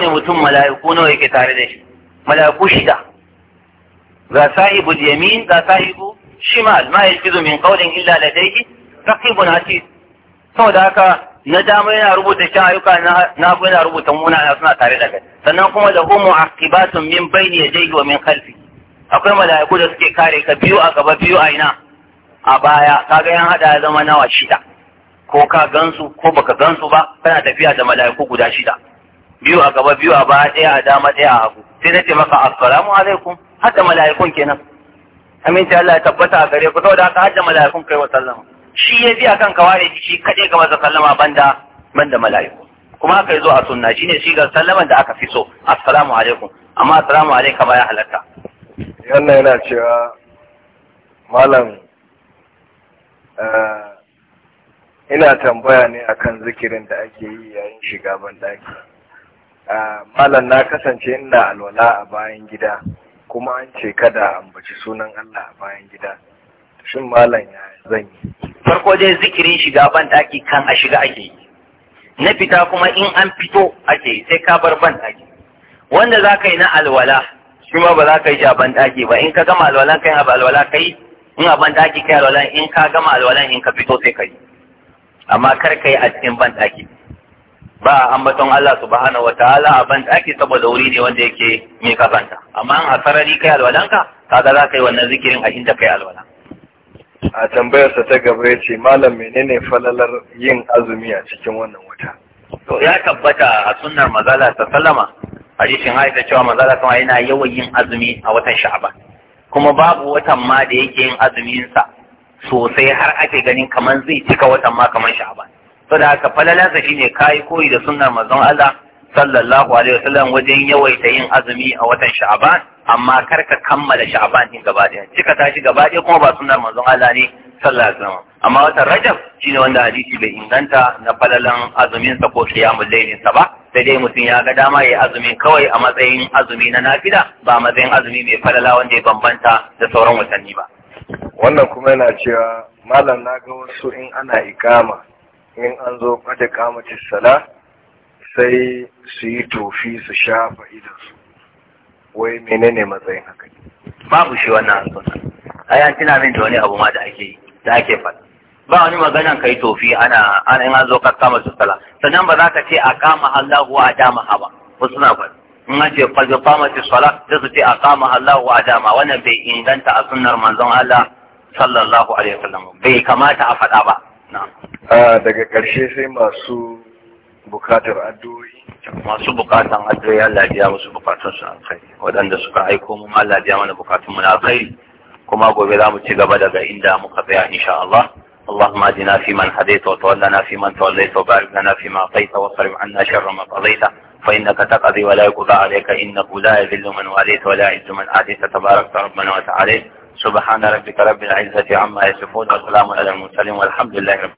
ne mutum mala'iku nawa yake tare da shi mala'iku shida ga sahibu yamin ga sahibu shimal ma yalfizu min qawlin illa ladayhi raqibun atid saboda haka na dama yana rubuta shi ayyuka na na yana rubuta muna suna tare da kai sannan kuma da humu aqibatun min bayni yadayhi wa min khalfi akwai mala'iku da suke kare ka biyu a gaba biyu a ina a baya kaga yan hada ya zama nawa shida ko ka gansu ko baka gansu ba kana tafiya da mala'iku guda shida biyu a gaba biyu a baya ɗaya a dama ɗaya a hagu sai na ce maka assalamu alaikum hadda mala'ikun kenan aminci Allah ya tabbata a gare ku saboda haka hadda mala'ikun kai wa sallama shi ya biya kan ka ware shi kaɗai ga masa sallama banda banda mala'iku kuma aka yi zo a sunna shine shi ga sallaman da aka fi so assalamu alaikum amma assalamu alaikum ya halatta
yana yana cewa malam eh, ina tambaya ne akan zikirin da ake yi yayin shiga banɗaki eh, malam na kasance ina alwala a bayan gida kuma an ce kada
ambaci sunan Allah a bayan gida shin malam ya zan yi farko dai zikirin shiga banɗaki kan a shiga ake yi na fita kuma in an fito ake sai ka bar banɗaki wanda za ka yi na alwala kuma ba za ka yi shi a banɗaki ba in ka gama alwalan kai alwala kai in a banɗaki kai alwalan in ka gama alwalan in ka fito sai ka yi amma kar ka yi a cikin banɗaki ba a ambaton Allah subhanahu wa ta'ala a banɗaki saboda wuri ne wanda yake mai banta amma in a sarari kai alwalanka kaga za ka yi wannan zikirin a inda kai alwala.
a tambayarsa ta gaba ya ce malam menene falalar yin azumi a cikin wannan
to ya tabbata a sunnar mazala ta sallama hadisin aisha cewa mazala kuma yana yawan yin azumi a watan sha'ban kuma babu watan ma da yake yin azuminsa sosai har ake ganin kamar zai cika watan ma kamar sha'ban to da haka falalansa shine kai koyi da sunnar manzon Allah sallallahu alaihi wasallam wajen yawaita yin azumi a watan sha'ban amma kar ka kammala sha'ban din gaba daya cika tashi gaba daya kuma ba sunnar manzon Allah ne sallah zama. amma watan rajab shine wanda hadisi bai inganta na falalan azumin sa ko qiyamul laylin sa ba sai dai mutum ya ga dama ya yi azumi kawai a matsayin azumi na nafila ba matsayin azumi mai falala wanda ya bambanta da sauran watanni ba
wannan kuma yana cewa malam na ga wasu in ana ikama in an zo kada kamatis sala sai su yi tofi su shafa su wai menene matsayin haka babu
shi wannan sunan ai tunanin min da wani abu ma da ake yi da ake faɗa ba wani magana kai tofi ana ana in an zo ka kama su sala sannan ba za ka ce a kama Allahu wa adama haba wasu na faɗi in an ce kama su sala sai su ce a kama Allahu wa adama wannan bai inganta a sunnar manzon Allah sallallahu alaihi wasallam bai kamata a faɗa ba daga ƙarshe
sai masu bukatar addu'o'i
masu bukatan addu'o'i Allah ya biya musu bukatun su alkhairi waɗanda suka aiko mu Allah ya biya mana bukatun mu na alkhairi kuma gobe za mu ci gaba daga inda muka tsaya insha Allah اللهم اهدنا فيمن هديت وتولنا فيمن توليت وبارك لنا فيما اعطيت واصرف عنا شر ما قضيت فانك تقضي ولا يقضى عليك انه لا يذل من واليت ولا يعز من عاديت تبارك ربنا وتعالى سبحان ربك رب العزه عما يصفون وسلام على المرسلين والحمد لله رب